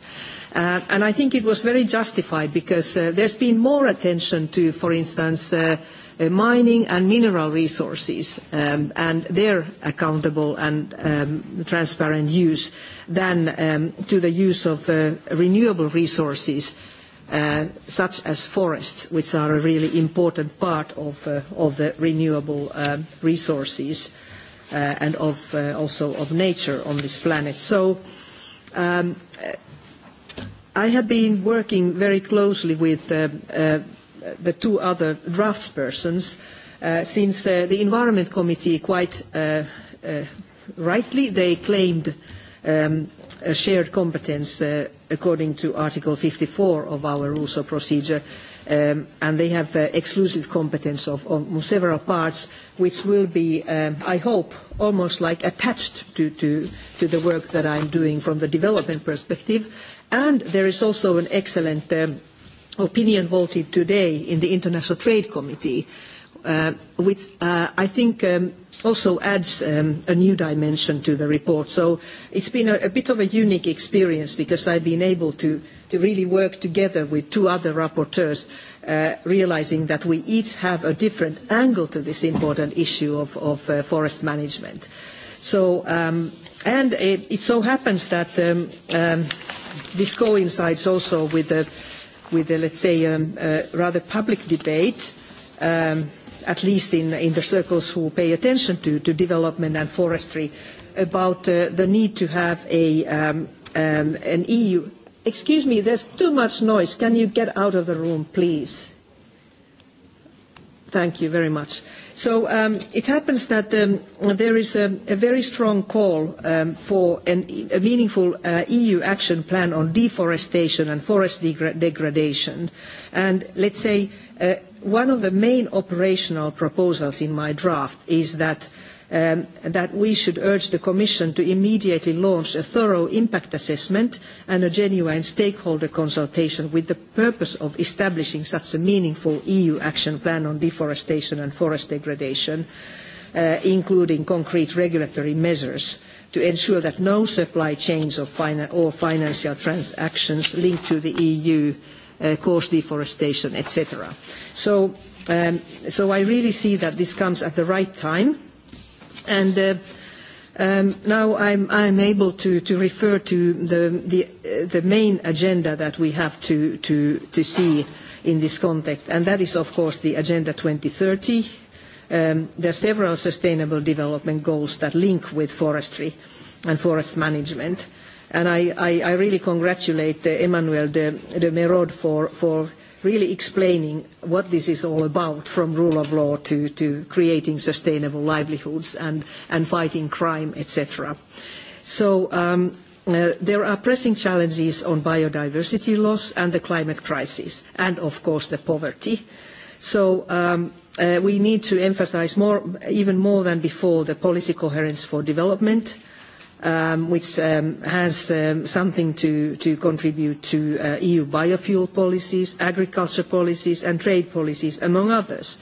Speaker 8: Uh, and I think it was very justified because uh, there's been more attention to, for instance, uh, uh, mining and mineral resources um, and their accountable and um, transparent use than um, to the use of uh, renewable resources uh, uh, such as forests, which are a really important part of, uh, of the renewable um, resources uh, and of, uh, also of nature on this planet. So um, I have been working very closely with uh, uh, the two other draftspersons uh, since uh, the Environment Committee quite uh, uh, rightly they claimed um, a shared competence uh, according to Article 54 of our rules of procedure, um, and they have uh, exclusive competence of, of several parts, which will be, um, I hope, almost like attached to, to, to the work that I'm doing from the development perspective. And there is also an excellent um, opinion voted today in the International Trade Committee uh, uh, which uh, I think um, also adds um, a new dimension to the report. So it's been a, a bit of a unique experience because I've been able to, to really work together with two other rapporteurs, uh, realizing that we each have a different angle to this important issue of, of uh, forest management. So, um, and it, it so happens that um, um, this coincides also with the, with the let's say, um, uh, rather public debate um, at least in, in the circles who pay attention to, to development and forestry, about uh, the need to have a, um, um, an EU. Excuse me, there's too much noise. Can you get out of the room, please? Thank you very much. So um, it happens that um, there is a, a very strong call um, for an, e, a meaningful uh, EU action plan on deforestation and forest degra degradation. And let's say uh, One of the main operational proposals in my draft is that Um, that we should urge the Commission to immediately launch a thorough impact assessment and a genuine stakeholder consultation with the purpose of establishing such a meaningful EU action plan on deforestation and forest degradation, uh, including concrete regulatory measures to ensure that no supply chains of fin or financial transactions linked to the EU uh, uh, cause deforestation, etc. So, um, so I really see that this comes at the right time. And uh, um, now I'm, I'm able to, to refer to the, the, uh, the main agenda that we have to, to, to see in this context, and that is, of course, the Agenda 2030. Um, there are several sustainable development goals that link with forestry and forest management. Uh, And I, I, I really congratulate uh, Emmanuel de, de Merod for, for really explaining what this is all about, from rule of law to, to creating sustainable livelihoods and, and fighting crime, etc. So um, uh, there are pressing challenges on biodiversity loss and the climate crisis, and of course the poverty. So um, uh, we need to emphasize more, even more than before, the policy coherence for development, uh, um, which um, has um, something to, to contribute to uh, EU biofuel policies, agriculture policies and trade policies, among others.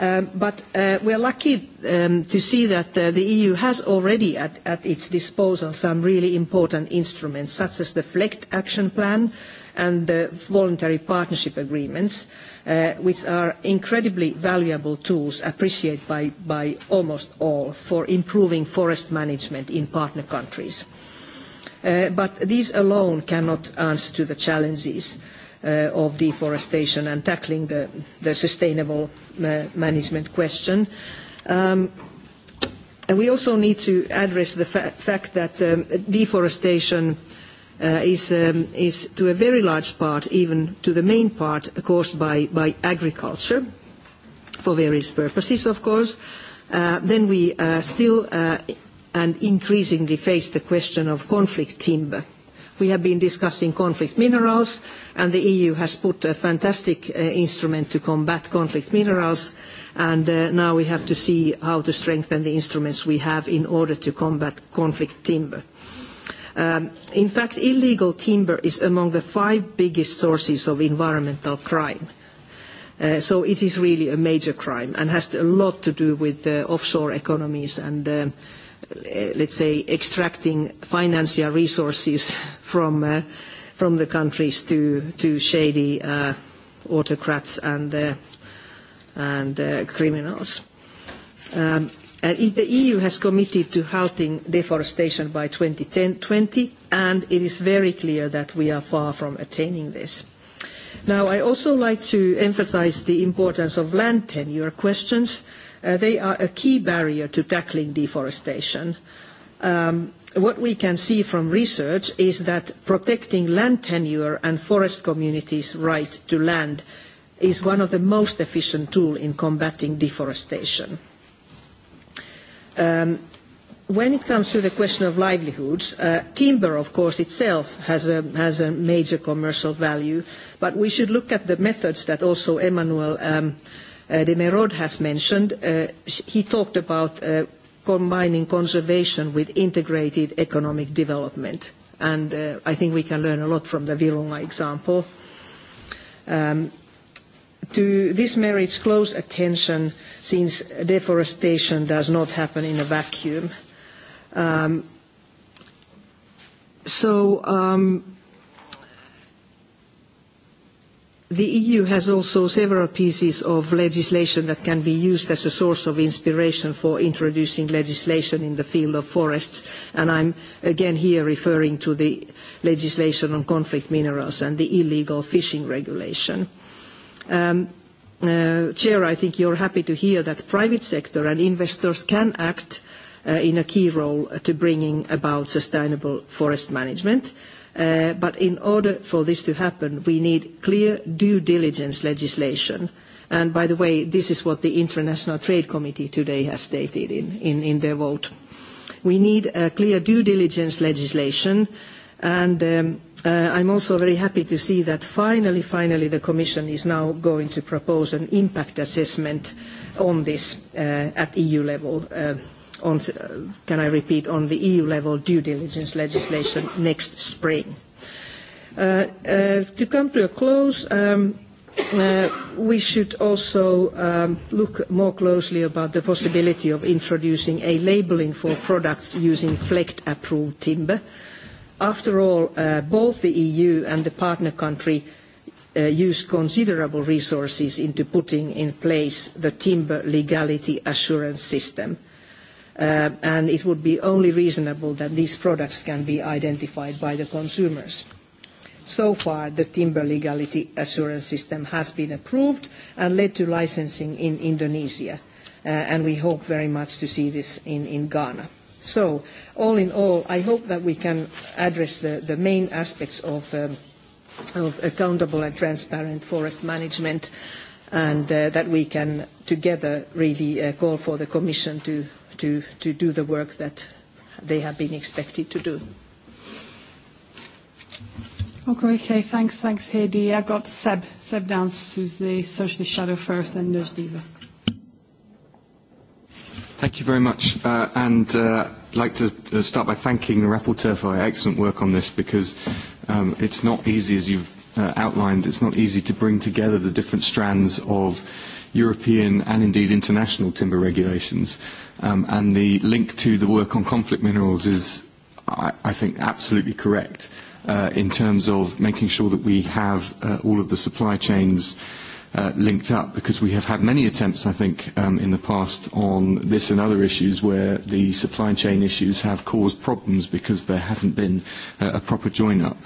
Speaker 8: Um, but uh, we're lucky um, to see that uh, the EU has already at, at its disposal some really important instruments, such as the FLECT action plan and the voluntary partnership agreements. Uh, uh, which are incredibly valuable tools appreciated by, by almost all for improving forest management in partner countries. Uh, but these alone cannot answer to the challenges uh, of deforestation and tackling the, the sustainable uh, management question. Um, and we also need to address the fa fact that um, deforestation uh, uh, is, um, is to a very large part, even to the main part, caused by, by agriculture for various purposes, of course. Uh, then we uh, still uh, and increasingly face the question of conflict timber. We have been discussing conflict minerals, and the EU has put a fantastic uh, instrument to combat conflict minerals, and uh, now we have to see how to strengthen the instruments we have in order to combat conflict timber. Uh, Um, in fact, illegal timber is among the five biggest sources of environmental crime. Uh, so it is really a major crime and has a lot to do with uh, offshore economies and, um, uh, let's say, extracting financial resources from, uh, from the countries to, to shady uh, autocrats and, uh, and criminals. Um, Uh, the EU has committed to halting deforestation by 2020, and it is very clear that we are far from attaining this. Now, I also like to emphasize the importance of land tenure questions. Uh, they are a key barrier to tackling deforestation. Um, what we can see from research is that protecting land tenure and forest communities' right to land is one of the most efficient tools in combating deforestation. Um, when it comes to the question of livelihoods, uh, timber, of course, itself has a, has a major commercial value, but we should look at the methods that also Emmanuel um, uh, de Merode has mentioned. Uh, he talked about uh, combining conservation with integrated economic development, and uh, I think we can learn a lot from the Virunga example. Um, to this merits close attention since deforestation does not happen in a vacuum. Um, so um, the EU has also several pieces of legislation that can be used as a source of inspiration for introducing legislation in the field of forests. And I'm again here referring to the legislation on conflict minerals and the illegal fishing regulation. Uh, Um, uh, Chair, I think you're happy to hear that private sector and investors can act uh, in a key role to bringing about sustainable forest management. Uh, but in order for this to happen, we need clear due diligence legislation. And by the way, this is what the International Trade Committee today has stated in, in, in their vote. We need a clear due diligence legislation, and um, Uh, I'm also very happy to see that finally, finally, the Commission is now going to propose an impact assessment on this uh, at EU level. Uh, on, uh, can I repeat, on the EU level due diligence legislation next spring. Uh, uh, to come to a close, um, Uh, we should also um, look more closely about the possibility of introducing a labeling for products using FLEGT-approved timber. Uh, After all, uh, both the EU and the partner country uh, use considerable resources into putting in place the timber legality assurance system. Uh, and it would be only reasonable that these products can be identified by the consumers. So far, the timber legality assurance system has been approved and led to licensing in Indonesia, uh, and we hope very much to see this in, in Ghana. So, all in all, I hope that we can address the, the main aspects of, um, of accountable and transparent forest management and uh, that we can together really uh, call for the Commission to, to, to do the work that they have been expected to do.
Speaker 11: Okay, okay. Thanks, thanks, Heidi. I've got Seb, Seb Dance, who's the Socialist Shadow first, then Nurse Diva.
Speaker 12: Thank you very much. Uh, and uh, I'd like to uh, start by thanking the rapporteur for her excellent work on this because um, it's not easy, as you've uh, outlined, it's not easy to bring together the different strands of European and indeed international timber regulations. Um, and the link to the work on conflict minerals is, I, I think, absolutely correct uh, in terms of making sure that we have uh, all of the supply chains uh, uh, linked up because we have had many attempts, I think, um, in the past on this and other issues where the supply chain issues have caused problems because there hasn't been uh, a proper join up.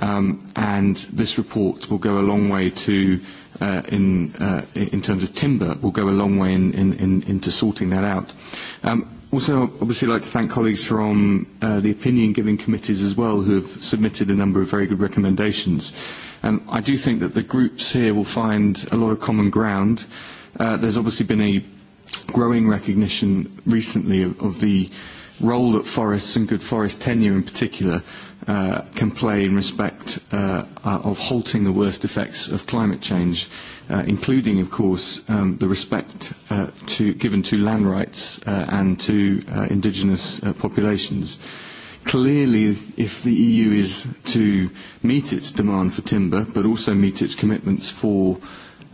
Speaker 12: Um, and this report will go a long way to, uh, in, uh, in terms of timber, will go a long way in, in, in, into sorting that out. Um, also, obviously, like to thank colleagues from uh, the opinion-giving committees as well who have submitted a number of very good recommendations. Uh, Um, I do think that the groups here will find a lot of common ground. Uh, there's obviously been a growing recognition recently of, of the role that forests and good forest tenure in particular uh, can play in respect uh, uh of halting the worst effects of climate change, uh, including, of course, um, the respect uh, to, given to land rights uh, and to uh, indigenous uh, populations. Uh, Clearly, if the EU is to meet its demand for timber, but also meet its commitments for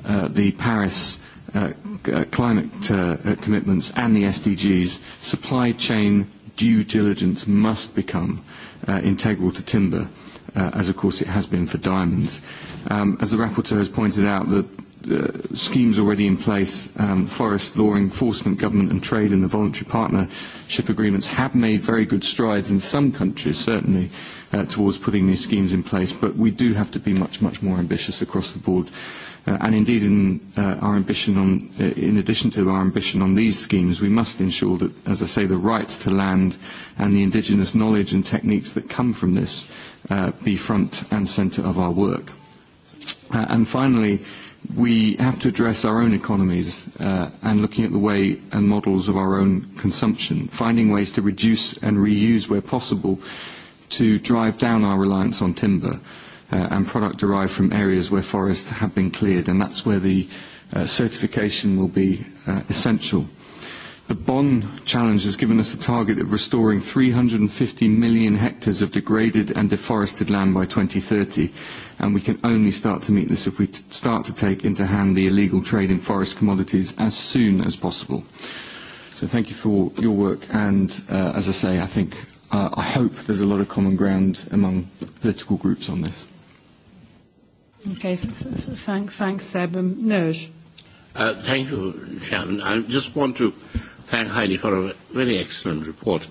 Speaker 12: uh, the Paris uh, uh, climate uh, uh, commitments and the SDGs, supply chain due diligence must become uh, integral to timber, uh, as of course it has been for diamonds. Um, as the rapporteur has pointed out, the uh, schemes already in place, um, forest law enforcement, government and trade and the voluntary partnership agreements have made very good strides in some countries, certainly, uh, towards putting these schemes in place, but we do have to be much, much more ambitious across the board. Uh, and indeed, in uh, our ambition on, uh, in addition to our ambition on these schemes, we must ensure that, as I say, the rights to land and the indigenous knowledge and techniques that come from this uh, be front and centre of our work. Uh, and finally, uh, we have to address our own economies uh, and looking at the way and models of our own consumption, finding ways to reduce and reuse where possible to drive down our reliance on timber uh, and product derived from areas where forests have been cleared, and that's where the uh, certification will be uh, essential. Uh, The Bonn challenge has given us a target of restoring 350 million hectares of degraded and deforested land by 2030, and we can only start to meet this if we t- start to take into hand the illegal trade in forest commodities as soon as possible. So thank you for your work, and uh, as I say, I think, uh, I hope there's a lot of common ground among political groups on this.
Speaker 11: Okay, th- th- thank, thanks, Seb. Um, Nerj.
Speaker 1: Uh, thank you, Sharon. I just want to thank Heidi for a very excellent report.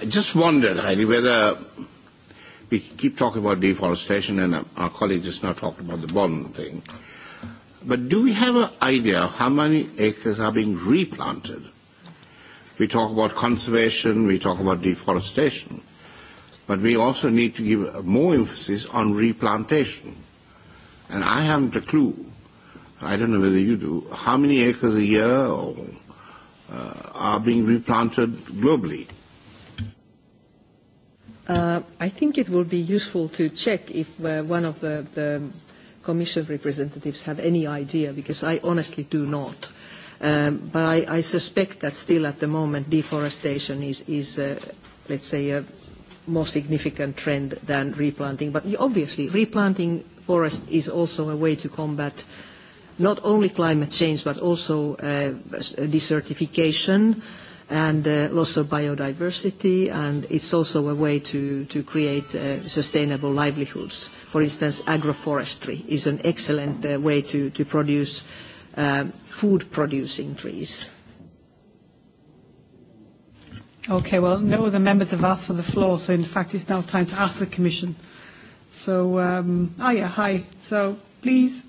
Speaker 1: I just wondered, Heidi, whether we keep talking about deforestation and our colleague just now talked about the bond thing. But do we have an idea of how many acres are being replanted? We talk about conservation, we talk about deforestation, but we also need to give more emphasis on replantation. And I haven't a clue, I don't know whether you do, how many acres a year or uh, are being replanted globally?
Speaker 8: Uh, I think it will be useful to check if uh, one of the, the Commission representatives have any idea, because I honestly do not. Um, but I, I suspect that still at the moment deforestation is, is uh, let's say, a more significant trend than replanting. But obviously, replanting forest is also a way to combat uh, not only climate change, but also uh, desertification and uh, loss of biodiversity, and it's also a way to, to create uh, sustainable livelihoods. For instance, agroforestry is an excellent way to, to produce food-producing trees.
Speaker 11: Okay, well, no other members have asked for the floor, so in fact, it's now time to ask the
Speaker 9: Commission. So, um, oh yeah, hi. So, please.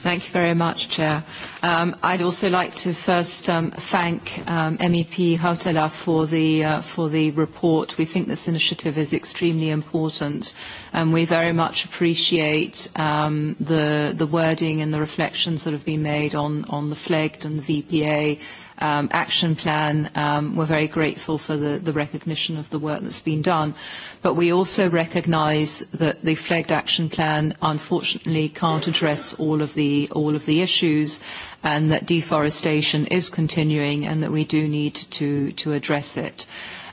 Speaker 9: Thank you very much, Chair. Um, I'd also like to first um, thank um, MEP Hautala for the, uh, for the report. We think this initiative is extremely important, and we very much appreciate um, the, the wording and the reflections that have been made on, on the FLEGT and the VPA um, action plan, um, we're very grateful for the, the recognition of the work that's been done. But we also recognize that the flagged action plan unfortunately can't address all of the, all of the issues and that deforestation is continuing and that we do need to, to address it.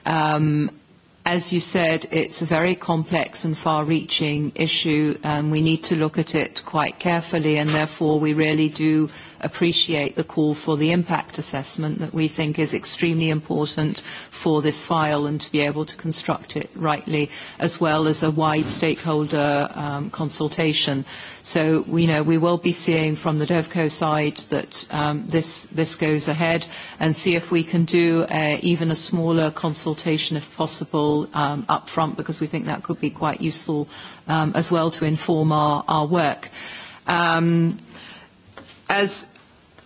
Speaker 9: Um, as you said, it's a very complex and far-reaching issue. Um, we need to look at it quite carefully, and therefore we really do appreciate the call for the impact assessment that we think is extremely important for this file and to be able to construct it rightly, as well as a wide stakeholder um, consultation. So we you know we will be seeing from the DevCo side that um, this this goes ahead and see if we can do a, even a smaller consultation if possible um, up front because we think that could be quite useful um, as well to inform our, our work. Um, as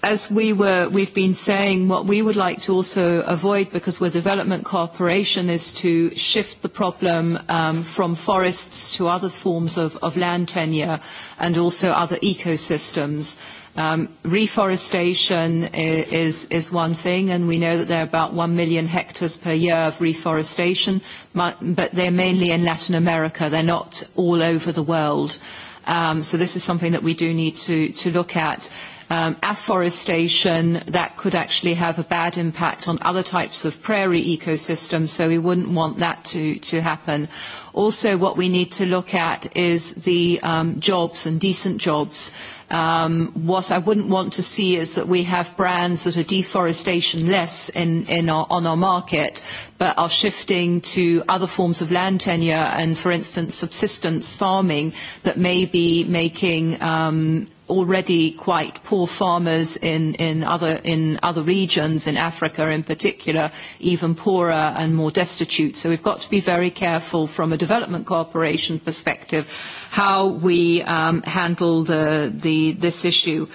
Speaker 9: as we were, we've been saying, what we would like to also avoid, because we're development cooperation, is to shift the problem um, from forests to other forms of, of land tenure and also other ecosystems. Um, reforestation is, is one thing, and we know that there are about 1 million hectares per year of reforestation, but they're mainly in Latin America. They're not all over the world. Uh, Um, so this is something that we do need to, to look at um, afforestation that could actually have a bad impact on other types of prairie ecosystems, so we wouldn't want that to, to happen. Also, what we need to look at is the um, jobs and decent jobs. Um, what I wouldn't want to see is that we have brands that are deforestation less in, in our, on our market, but are shifting to other forms of land tenure and, for instance, subsistence farming that may be making um, already quite poor farmers in, in, other, in other regions, in Africa in particular, even poorer and more destitute. So we've got to be very careful from a development cooperation perspective how we um, handle the, the, this issue.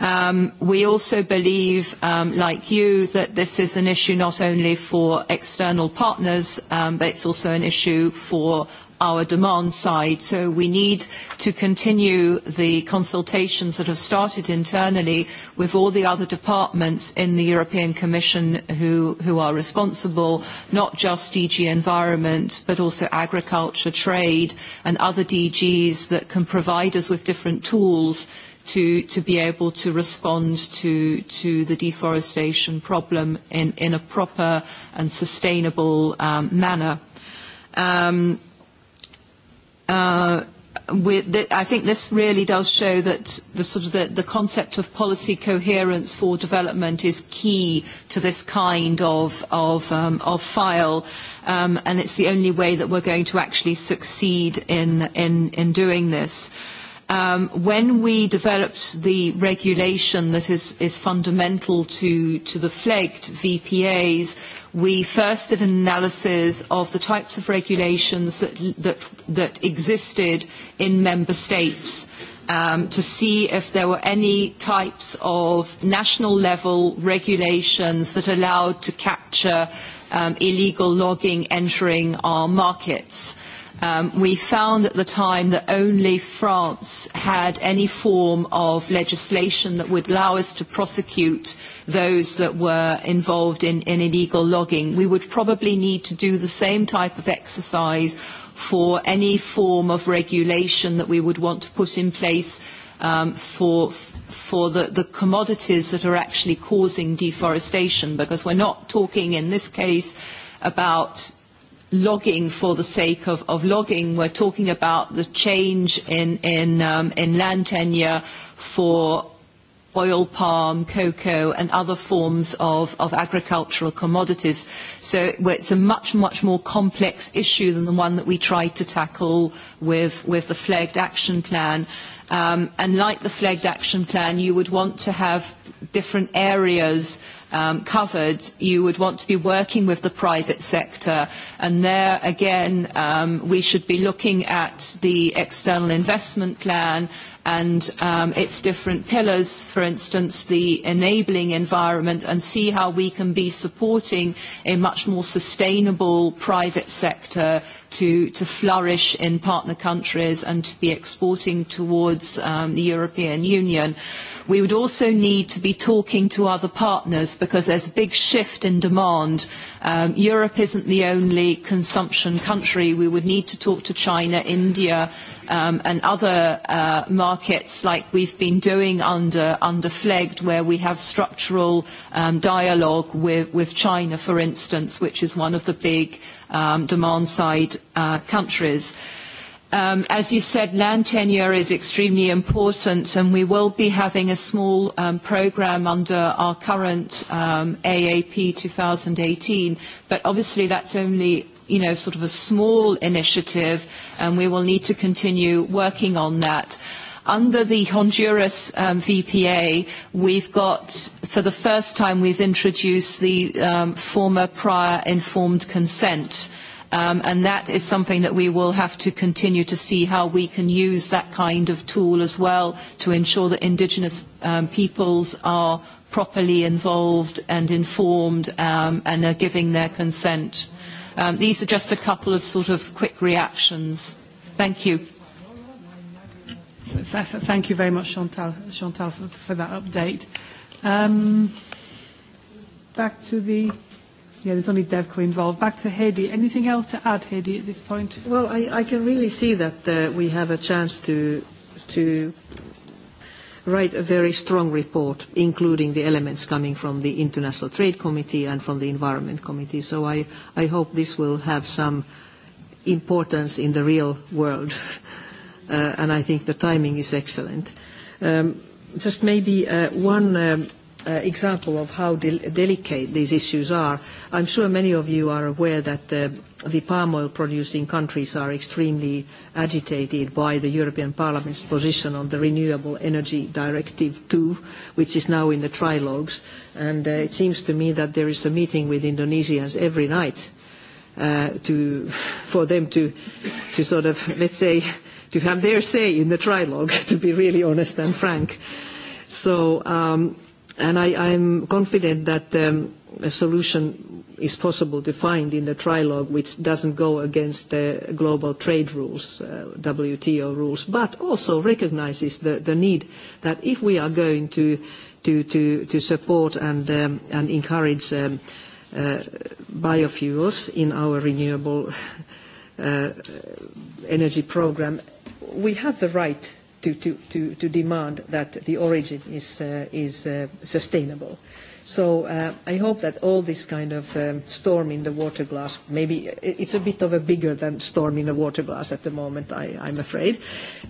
Speaker 9: Um, we also believe, um, like you, that this is an issue not only for external partners, um, but it's also an issue for our demand side. So we need to continue the consultations that have started internally with all the other departments in the European Commission who, who are responsible, not just DG Environment, but also Agriculture, Trade, and other DGs that can provide us with different tools to, to be able to respond to, to the deforestation problem in, in a proper and sustainable um, manner. Um, uh, we, th- I think this really does show that the sort of the, the concept of policy coherence for development is key to this kind of of, um, of file, um, and it's the only way that we're going to actually succeed in in in doing this. Uh, um, when we developed the regulation that is, is fundamental to, to the flagged VPAs, we first did an analysis of the types of regulations that, that, that existed in member states um, to see if there were any types of national level regulations that allowed to capture um, illegal logging entering our markets. Uh, Um, we found at the time that only France had any form of legislation that would allow us to prosecute those that were involved in, in illegal logging. We would probably need to do the same type of exercise for any form of regulation that we would want to put in place um, for, for the, the commodities that are actually causing deforestation, because we're not talking in this case about logging for the sake of, of logging. We're talking about the change in, in, um, in land tenure for oil palm, cocoa, and other forms of, of agricultural commodities. So it's a much, much more complex issue than the one that we tried to tackle with, with the flagged action plan. Uh, Um, and like the flagged action plan, you would want to have different areas um, covered. You would want to be working with the private sector. And there, again, um, we should be looking at the external investment plan, and um, its different pillars, for instance, the enabling environment, and see how we can be supporting a much more sustainable private sector to, to flourish in partner countries and to be exporting towards um, the European Union. Uh, We would also need to be talking to other partners because there's a big shift in demand. Um, Europe isn't the only consumption country. We would need to talk to China, India, um, and other uh, markets like we've been doing under, under FLEGD, where we have structural um, dialogue with, with China, for instance, which is one of the big um, demand-side uh, countries. Uh, Um, as you said, land tenure is extremely important, and we will be having a small um, program under our current um, AAP 2018. But obviously, that's only you know, sort of a small initiative, and we will need to continue working on that. Under the Honduras um, VPA, we've got, for the first time, we've introduced the um, former prior informed consent. Uh, Um, and that is something that we will have to continue to see how we can use that kind of tool as well to ensure that indigenous um, peoples are properly involved and informed um, and are giving their consent. Um, these are just a couple of sort of quick reactions. Thank you. Thank you very much,
Speaker 11: Chantal, Chantal for, for that update. Um, back to the Yeah, there's only DevCo involved. Back to Hedy. Anything else to add, Hedy, at this point?
Speaker 8: Well, I, I can really see that uh, we have a chance to, to write a very strong report, including the elements coming from the International Trade Committee and from the Environment Committee. So I, I hope this will have some importance in the real world. Uh, and I think the timing is excellent. Um, just maybe uh, one um, uh, example of how del delicate these issues are. I'm sure many of you are aware that the, uh, the palm oil producing countries are extremely agitated by the European Parliament's position on the Renewable Energy Directive 2, which is now in the trilogues. And uh, it seems to me that there is a meeting with Indonesians every night uh, to, for them to, to sort of, let's say, to have their say in the trilogue, to be really honest and frank. So um, And I, I'm confident that um, a solution is possible to find in the trilogue which doesn't go against the global trade rules, uh, WTO rules, but also recognizes the, the need that if we are going to, to, to, to support and, um, and encourage um, uh, biofuels in our renewable uh, energy program, we have the right to, to, to, to demand that the origin is, uh, is uh, sustainable. So uh, I hope that all this kind of um, storm in the water glass, maybe it's a bit of a bigger than storm in the water glass at the moment, I, I'm afraid,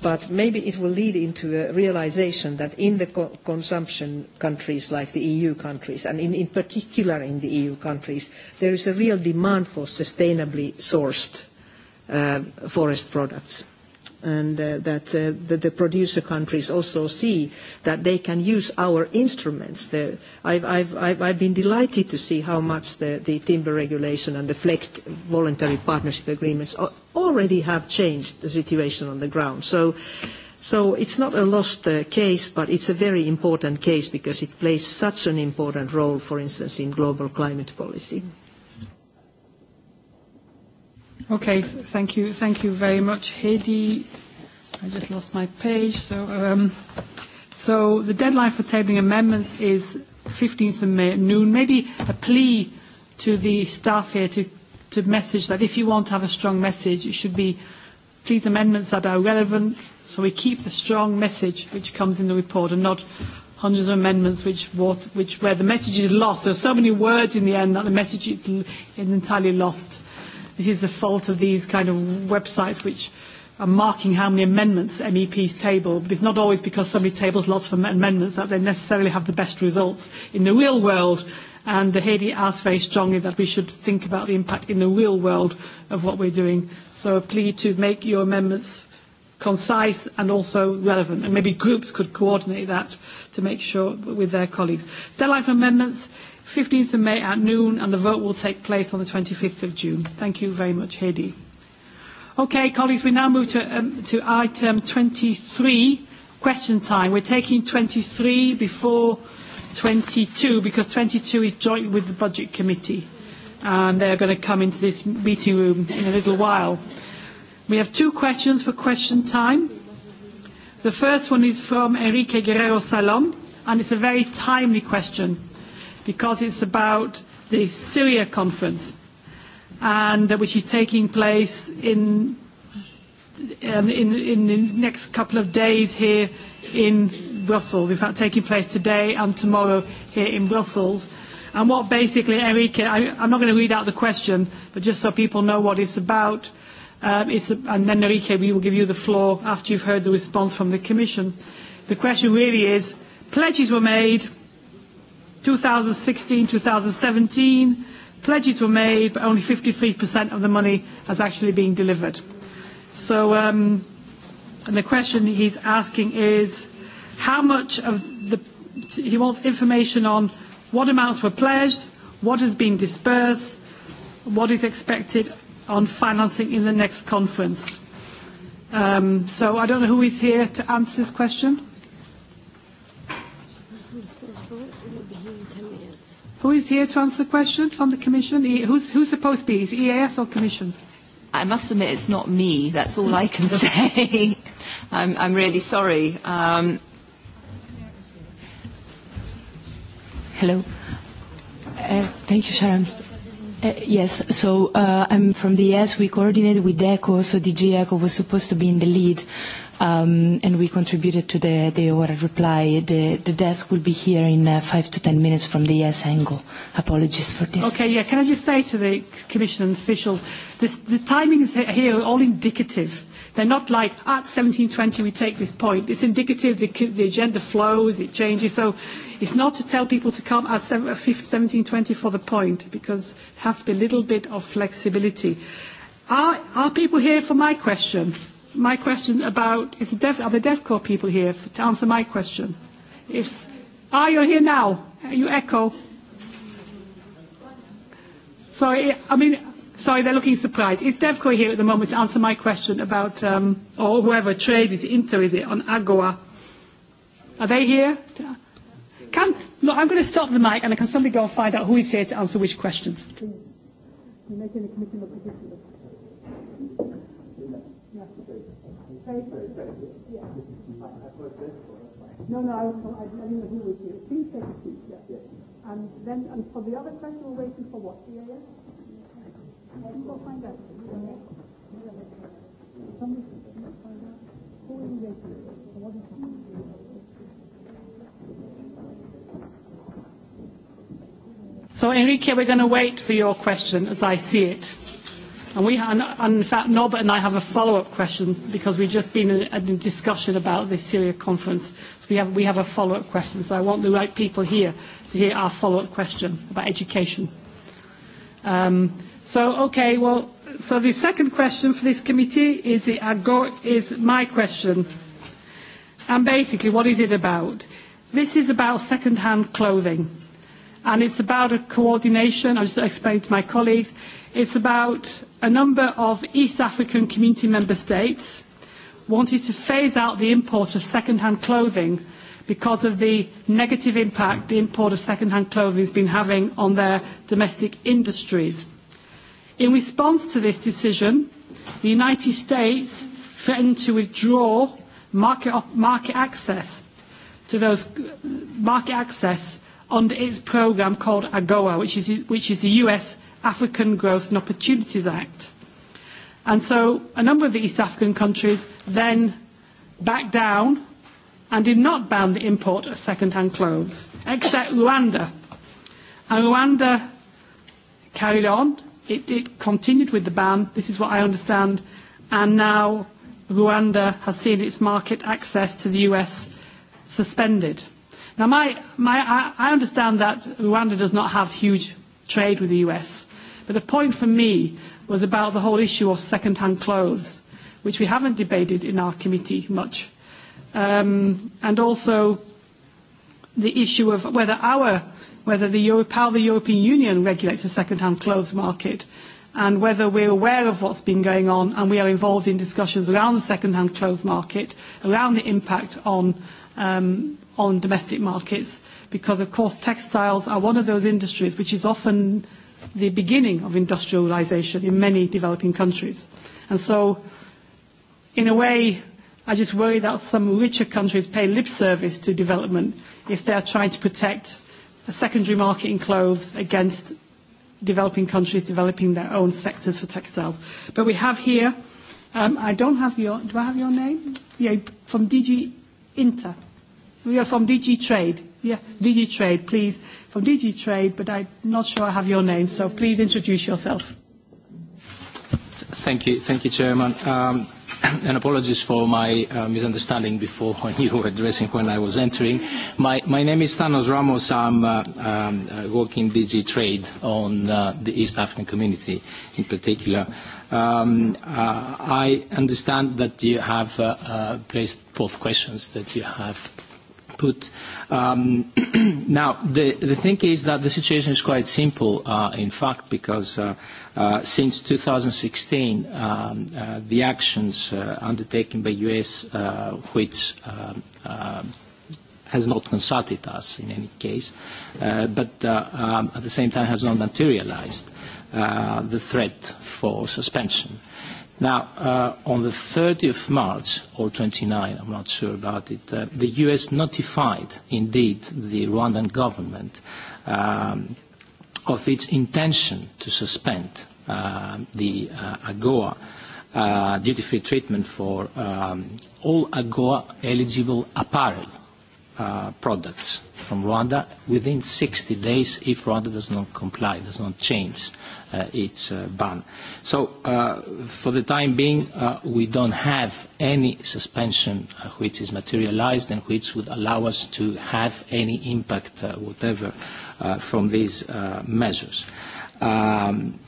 Speaker 8: but maybe it will lead into a realization that in the co- consumption countries like the EU countries, and in, in particular in the EU countries, there is a real demand for sustainably sourced uh, forest products and uh, that, uh, that the producer countries also see that they can use our instruments. The, I've, I've, I've, I've been delighted to see how much the, the timber regulation and the FLECT voluntary partnership agreements already have changed the situation on the ground. So, So it's not a lost uh, case, but it's a very important case because it plays such an important role, for instance, in global climate policy. Mm-hmm.
Speaker 11: Okay, thank you. Thank you very much, Hedi. I just lost my page. So, um, so the deadline for tabling amendments is 15th of May at noon. Maybe a plea to the staff here to, to message that if you want to have a strong message, it should be please amendments that are relevant so we keep the strong message which comes in the report and not hundreds of amendments which, what, which where the message is lost. There are so many words in the end that the message is, is entirely lost. Uh, This is the fault of these kind of websites which are marking how many amendments MEPs table, but it's not always because somebody tables lots of amendments that they necessarily have the best results in the real world. And the Haiti asks very strongly that we should think about the impact in the real world of what we're doing. So a plea to make your amendments concise and also relevant. And maybe groups could coordinate that to make sure with their colleagues. Deadline for amendments 15th of May at noon, and the vote will take place on the 25th of June. Thank you very much, Hedy. Okay, colleagues, we now move to, um, to item 23, question time. We're taking 23 before 22 because 22 is joint with the Budget Committee, and they're going to come into this meeting room in a little while. We have two questions for question time. The first one is from Enrique Guerrero Salom, and it's a very timely question because it's about the Syria conference, and uh, which is taking place in, um, in, in the next couple of days here in Brussels. In fact, taking place today and tomorrow here in Brussels. And what basically, Enrique, I, I'm not going to read out the question, but just so people know what it's about, um, it's, and then Enrique, we will give you the floor after you've heard the response from the Commission. The question really is, pledges were made, 2016, 2017, pledges were made, but only 53% of the money has actually been delivered. So, um, and the question he's asking is, how much of the... He wants information on what amounts were pledged, what has been dispersed, what is expected on financing in the next conference. Um, so I don't know who is here to answer this question. Who is here to answer the
Speaker 9: question from the Commission? E who's, who's supposed to be? Is it e EAS or Commission? I must admit it's not me. That's all I can say. I'm, I'm really sorry. Um,
Speaker 2: hello. Uh, thank you, Sharon. Uh, yes, so uh, I'm from the ES. We coordinated with DECO, so DG ECO was supposed to be in the lead. Uh, um, and we contributed to the, the oral reply. The, the desk will be here in uh, five to ten minutes from the yes angle. Apologies for this.
Speaker 11: Okay, yeah. Can I just say to the Commission and officials, this, the timings here are all indicative. They're not like at ah, 1720 we take this point. It's indicative. The, the agenda flows, it changes. So it's not to tell people to come at 1720 uh, for the point because there has to be a little bit of flexibility. Are, are people here for my question? my question about is the deaf, are the DevCo people here for, to answer my question? If are oh, you here now? You echo. Sorry, I mean, sorry, they're looking surprised. Is DevCo here at the moment to answer my question about, um, or whoever trade is it, Inter is it on Agua? Are they here? Can look, I'm going to stop the mic, and can somebody go and find out who is here to answer which questions? Can you make any committee look ridiculous? papers. Yeah. No, no, I, was, I didn't know who was here. Please take a seat, yeah. yeah. And then and for the other question, we're waiting for what? The AS? I think we'll find out. Somebody can find out. Who are we waiting for? What is happening? So Enrique, we're going to wait for your question as I see it. And, we ha- and, and in fact, Norbert and I have a follow-up question because we've just been in a, in a discussion about this Syria conference. So we have, we have a follow-up question. So I want the right people here to hear our follow-up question about education. Um, so, okay, well, so the second question for this committee is, the, uh, go- is my question. And basically, what is it about? This is about second-hand clothing. And it's about a coordination, I'll just explain to my colleagues, It's about a number of East African community member states wanting to phase out the import of second-hand clothing because of the negative impact the import of second-hand clothing has been having on their domestic industries. In response to this decision, the United States threatened to withdraw market, market access to those market access under its program called AGOA, which is, which is the US African Growth and Opportunities Act. And so a number of the East African countries then backed down and did not ban the import of second-hand clothes, except Rwanda. And Rwanda carried on. It, it continued with the ban. This is what I understand. And now Rwanda has seen its market access to the US suspended. Now, my, my, I, I understand that Rwanda does not have huge trade with the US, But the point for me was about the whole issue of second-hand clothes, which we haven't debated in our committee much. Um, and also the issue of whether our, whether the Europe, how the European Union regulates the second-hand clothes market and whether we're aware of what's been going on and we are involved in discussions around the second-hand clothes market, around the impact on, um, on domestic markets, because of course textiles are one of those industries which is often the beginning of industrialization in many developing countries. And so, in a way, I just worry that some richer countries pay lip service to development if they are trying to protect a secondary market in clothes against developing countries developing their own sectors for textiles. But we have here, um, I don't have your, do I have your name? Yeah, from DG Inter. We are from DG Trade. Yeah, DG Trade, please from DG Trade, but I'm not sure I have your name, so please introduce yourself.
Speaker 13: Thank you. Thank you, Chairman. Um, and apologies for my uh, misunderstanding before when you were addressing when I was entering. My, my name is Thanos Ramos. I'm uh, um, uh, working DG Trade on uh, the East African community in particular. Um, uh, I understand that you have uh, uh, placed both questions that you have put. Um, now, the, the thing is that the situation is quite simple, uh, in fact, because uh, uh, since 2016, um, uh, the actions uh, undertaken by U.S., uh, which um, uh, has not consulted us in any case, uh, but uh, um, at the same time has not materialized uh, the threat for suspension. Uh, Now, uh, on the 30th March, or 29, I'm not sure about it, uh, the U.S. notified, indeed, the Rwandan government um, of its intention to suspend uh, the uh, AGOA uh, duty-free treatment for um, all AGOA-eligible apparel uh, products from Rwanda within 60 days if Rwanda does not comply, does not change uh, its uh, ban. So uh, for the time being, uh, we don't have any suspension uh, which is materialized and which would allow us to have any impact, uh, whatever, uh, from these uh, measures. Um,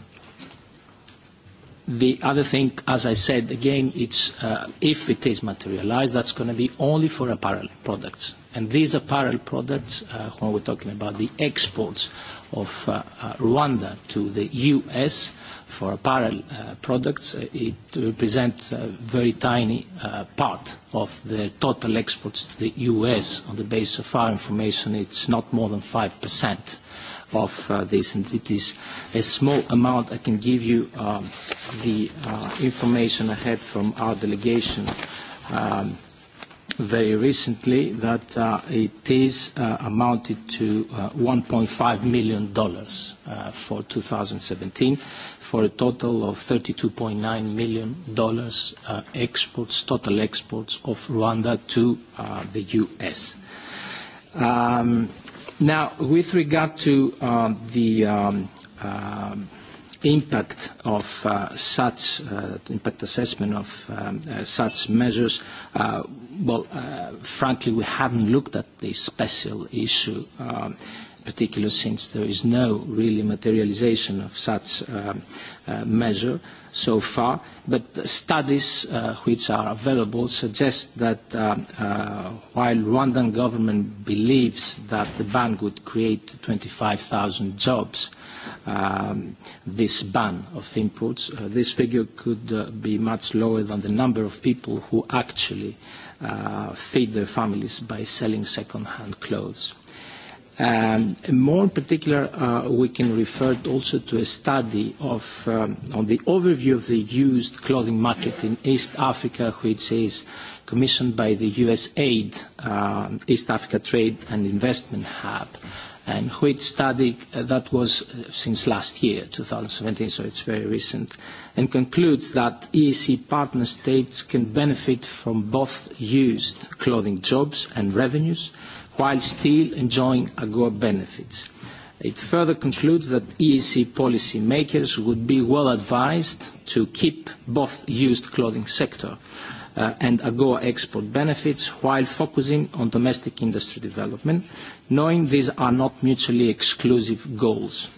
Speaker 13: The other thing, as I said, again, it's uh, if it is materialized, that's gonna be only for apparel products. And these apparel products, uh, when we're talking about the exports of uh, uh, Rwanda to the U.S. for apparel uh, products, it represents a very tiny uh, part of the total exports to the U.S. On the basis of our information, it's not more than 5% of uh, this, and it is a small amount. I can give you um, the uh, information I had from our delegation um, very recently that uh, it is uh, amounted to uh, $1.5 million uh, for 2017 for a total of $32.9 million uh, exports, total exports of Rwanda to uh, the U.S. Um, now, with regard to uh, the um, uh, impact of uh, such uh, impact assessment of um, uh, such measures, uh, Well, uh, frankly, we haven't looked at this special issue, um, particularly since there is no really materialization of such um, uh, measure so far. But studies uh, which are available suggest that um, uh, while Rwandan government believes that the ban would create 25,000 jobs, um, this ban of imports, uh, this figure could uh, be much lower than the number of people who actually uh, uh, feed their families by selling second-hand clothes. Um, more in particular, uh, we can refer also to a study of, um, on the overview of the used clothing market in East Africa, which is uh, commissioned by the USAID uh, East Africa Trade and Investment Hub, and which study uh, that was uh, since last year, 2017, so it's very recent, and concludes that EEC partner states can benefit from both used clothing jobs and revenues while still enjoying AGOA benefits. It further concludes that EEC policymakers would be well advised to keep both used clothing sector uh, uh, and AGOA export benefits while focusing on domestic industry development, knowing these are not mutually exclusive goals.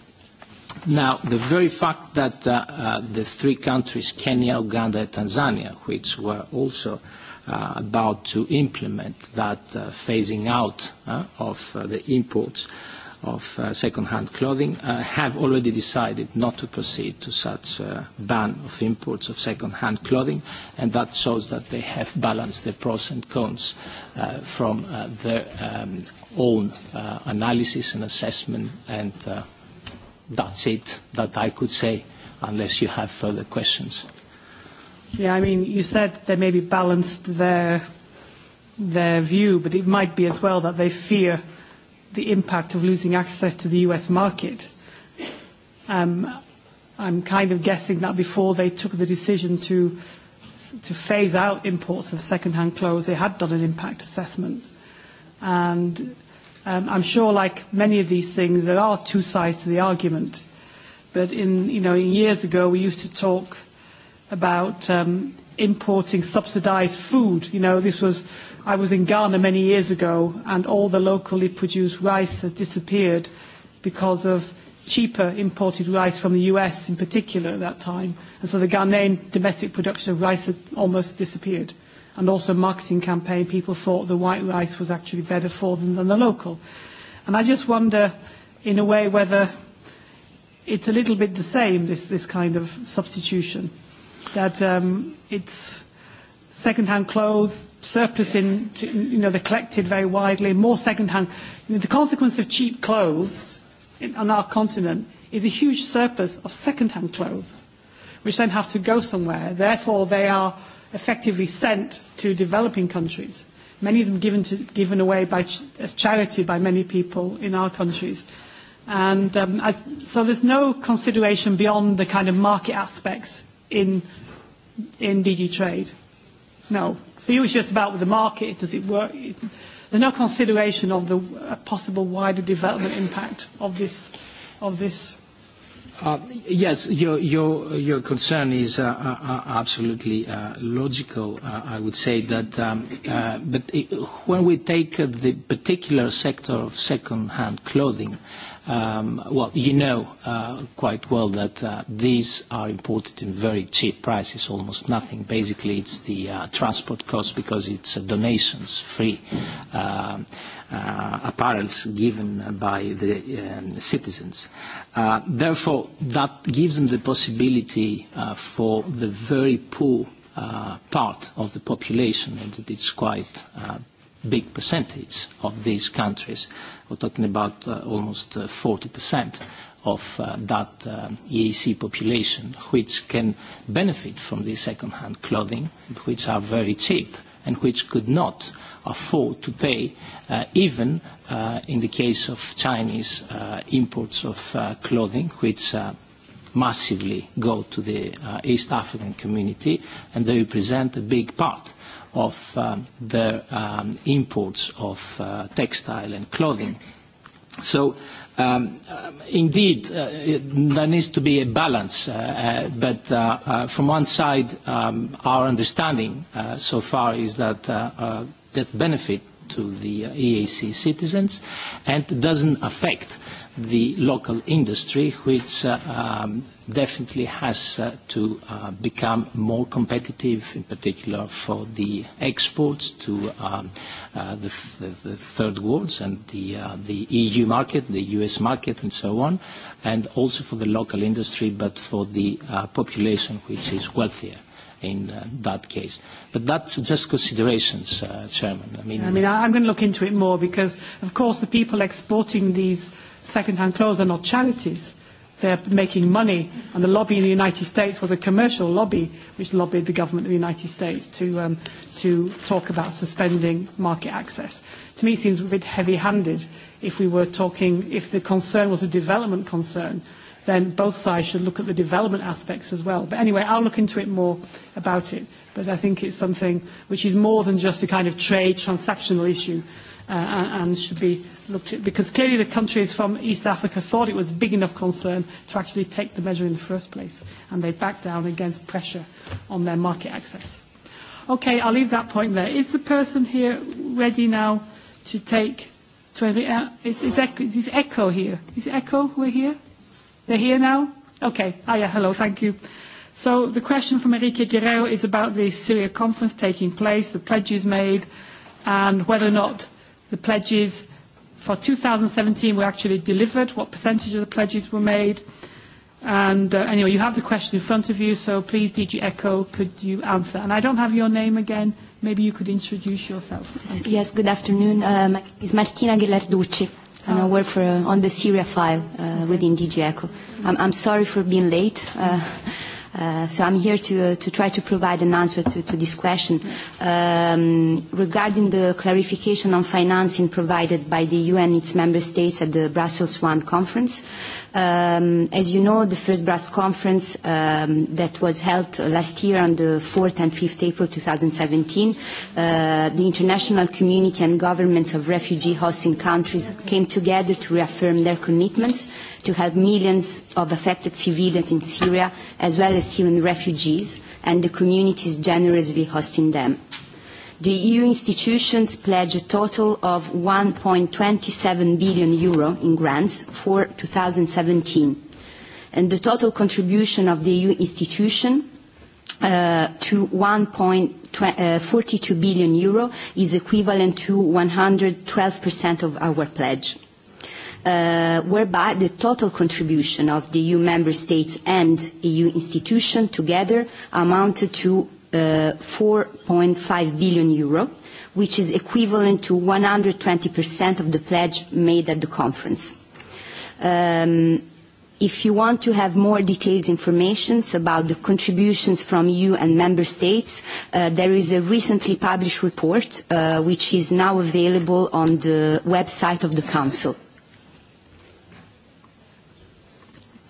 Speaker 13: Now, the very fact that uh, uh, the three countries, Kenya, Uganda, and Tanzania, which were also uh, about to implement that uh, phasing out uh, of uh, the imports, uh, of uh, second-hand clothing uh, have already decided not to proceed to such a uh, ban of imports of second-hand clothing, and that shows that they have balanced the pros and cons uh, from uh, their um, own uh, analysis and assessment, and uh, that's it that I could say, unless you have further questions.
Speaker 11: Yeah, I mean, you said they maybe balanced their their view, but it might be as well that they fear the impact of losing access to the U.S. market. Um, I'm kind of guessing that before they took the decision to, to phase out imports of second-hand clothes, they had done an impact assessment. And um, I'm sure, like many of these things, there are two sides to the argument. But in, you know, years ago, we used to talk about um, importing subsidized food. You know, this was I was in Ghana many years ago, and all the locally produced rice has disappeared because of cheaper imported rice from the US in particular at that time. And so the Ghanaian domestic production of rice had almost disappeared. And also marketing campaign, people thought the white rice was actually better for them than the local. And I just wonder, in a way, whether it's a little bit the same, this, this kind of substitution. That um, it's second-hand clothes, surplus in, to, you know, they're collected very widely, more second-hand. You know, the consequence of cheap clothes in, on our continent is a huge surplus of second-hand clothes, which then have to go somewhere. Therefore, they are effectively sent to developing countries, many of them given, to, given away by ch- as charity by many people in our countries. And um, as, so there's no consideration beyond the kind of market aspects in, in DD trade. No. So it was just about the market. Does it work? There's no consideration of the uh, possible wider development impact of this. Of this.
Speaker 13: Uh, yes, your, your, your concern is uh, uh, uh absolutely uh, logical. I would say that, um, but it, when we take the particular sector of second-hand clothing, um, well, you know uh, quite well that uh, these are imported in very cheap prices, almost nothing. Basically, it's the uh, transport cost because it's uh, donations, free uh, uh, apparels given by the um, citizens. Uh, therefore, that gives them the possibility uh, for the very poor uh, part of the population, and it's quite uh, big percentage of these countries. We're talking about uh, almost uh, 40% of uh, that uh, EAC population, which can benefit from the second-hand clothing, which are very cheap and which could not afford to pay, uh, even uh, in the case of Chinese uh, imports of uh, clothing, which uh, massively go to the uh, East African community, and they represent a big part of um, their um, imports of uh, textile and clothing. So Um, uh, indeed, uh, it, there needs to be a balance, uh, uh, but uh, uh, from one side, um, our understanding uh, so far is that uh, uh, that benefit to the uh, EAC citizens and doesn't affect the local industry, which uh, um, definitely has uh, to uh, become more competitive, in particular for the exports to um, uh, the, the, the third worlds and the, uh, the EU market, the US market, and so on, and also for the local industry, but for the uh, population which is wealthier in uh, that case. But that's just considerations, uh, Chairman. I mean, I mean,
Speaker 11: I'm going to look into it more because, of course, the people exporting these – second-hand clothes are not charities. They're making money, and the lobby in the United States was a commercial lobby which lobbied the government of the United States to, um, to talk about suspending market access. To me, it seems a bit heavy-handed if we were talking, if the concern was a development concern, then both sides should look at the development aspects as well. But anyway, I'll look into it more about it. But I think it's something which is more than just a kind of trade transactional issue uh, and should be looked at because clearly the countries from East Africa thought it was big enough concern to actually take the measure in the first place and they backed down against pressure on their market access. Okay, I'll leave that point there. Is the person here ready now to take 20, uh, is, is, echo, is Echo here? Is Echo, we're here? They're here now? Okay. Ah, yeah, hello, thank you. So the question from Enrique Guerrero is about the Syria conference taking place, the pledges made, and whether or not the pledges for 2017 were actually delivered, what percentage of the pledges were made. And uh, anyway, you have the question in front of you, so please, DG ECHO, could you answer? And I don't have your name again. Maybe you could introduce yourself. Yes, yes,
Speaker 5: good afternoon. Um, uh, it's Martina Ghilarducci, and oh. I work for, uh, on the Syria file uh, within DG ECHO. I'm, I'm sorry for being late. Uh, Uh, so I'm here to, uh, to try to provide an answer to, to this question. Um, regarding the clarification on financing provided by the UN, its member states at the Brussels I conference, um, as you know, the first Brussels conference um, that was held last year on the 4th and 5th April 2017, uh, the international community and governments of refugee hosting countries came together to reaffirm their commitments to help millions of affected civilians in Syria, as well as Syrian refugees and the communities generously hosting them. The EU institutions pledge a total of 1.27 billion euro in grants for 2017, and the total contribution of the EU institution uh, to 1.42 uh, billion euro is equivalent to 112% of our pledge uh, whereby the total contribution of the EU member states and EU institutions together amounted to uh, 4.5 billion euro, which is equivalent to 120% of the pledge made at the conference. Um, if you want to have more detailed information about the contributions from EU and member states, uh, there is a recently published report uh, which is now available on the website of the Council.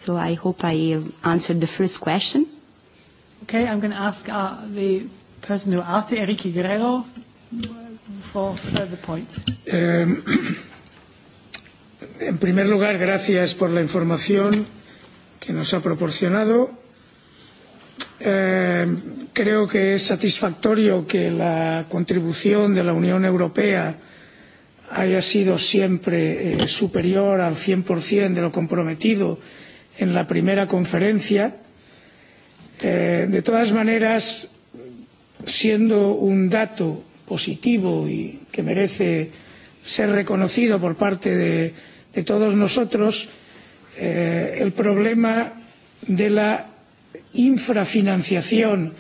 Speaker 5: so I hope I answered the first question.
Speaker 11: Okay, I'm going to ask uh, the person who asked it, Enrique Guerrero, for further points.
Speaker 5: Um,
Speaker 14: en primer lugar, gracias por la información que nos ha proporcionado. Eh, creo que es satisfactorio que la contribución de la Unión Europea haya sido siempre eh, superior al 100% de lo comprometido en la primera conferencia. Eh, de todas maneras, siendo un dato positivo y que merece ser reconocido por parte de, de todos nosotros, eh, el problema de la infrafinanciación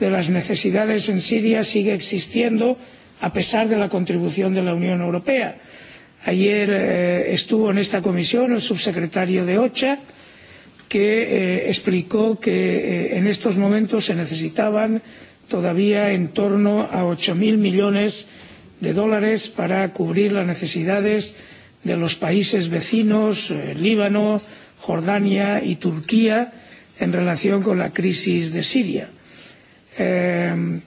Speaker 14: de las necesidades en Siria sigue existiendo a pesar de la contribución de la Unión Europea. Ayer eh, estuvo en esta comisión el subsecretario de OCHA, eh, que eh, explicó que eh, en estos momentos se necesitaban todavía en torno a ocho mil millones de dólares para cubrir las necesidades de los países vecinos eh, líbano jordania y turquía en relación con la crisis de siria. Eh,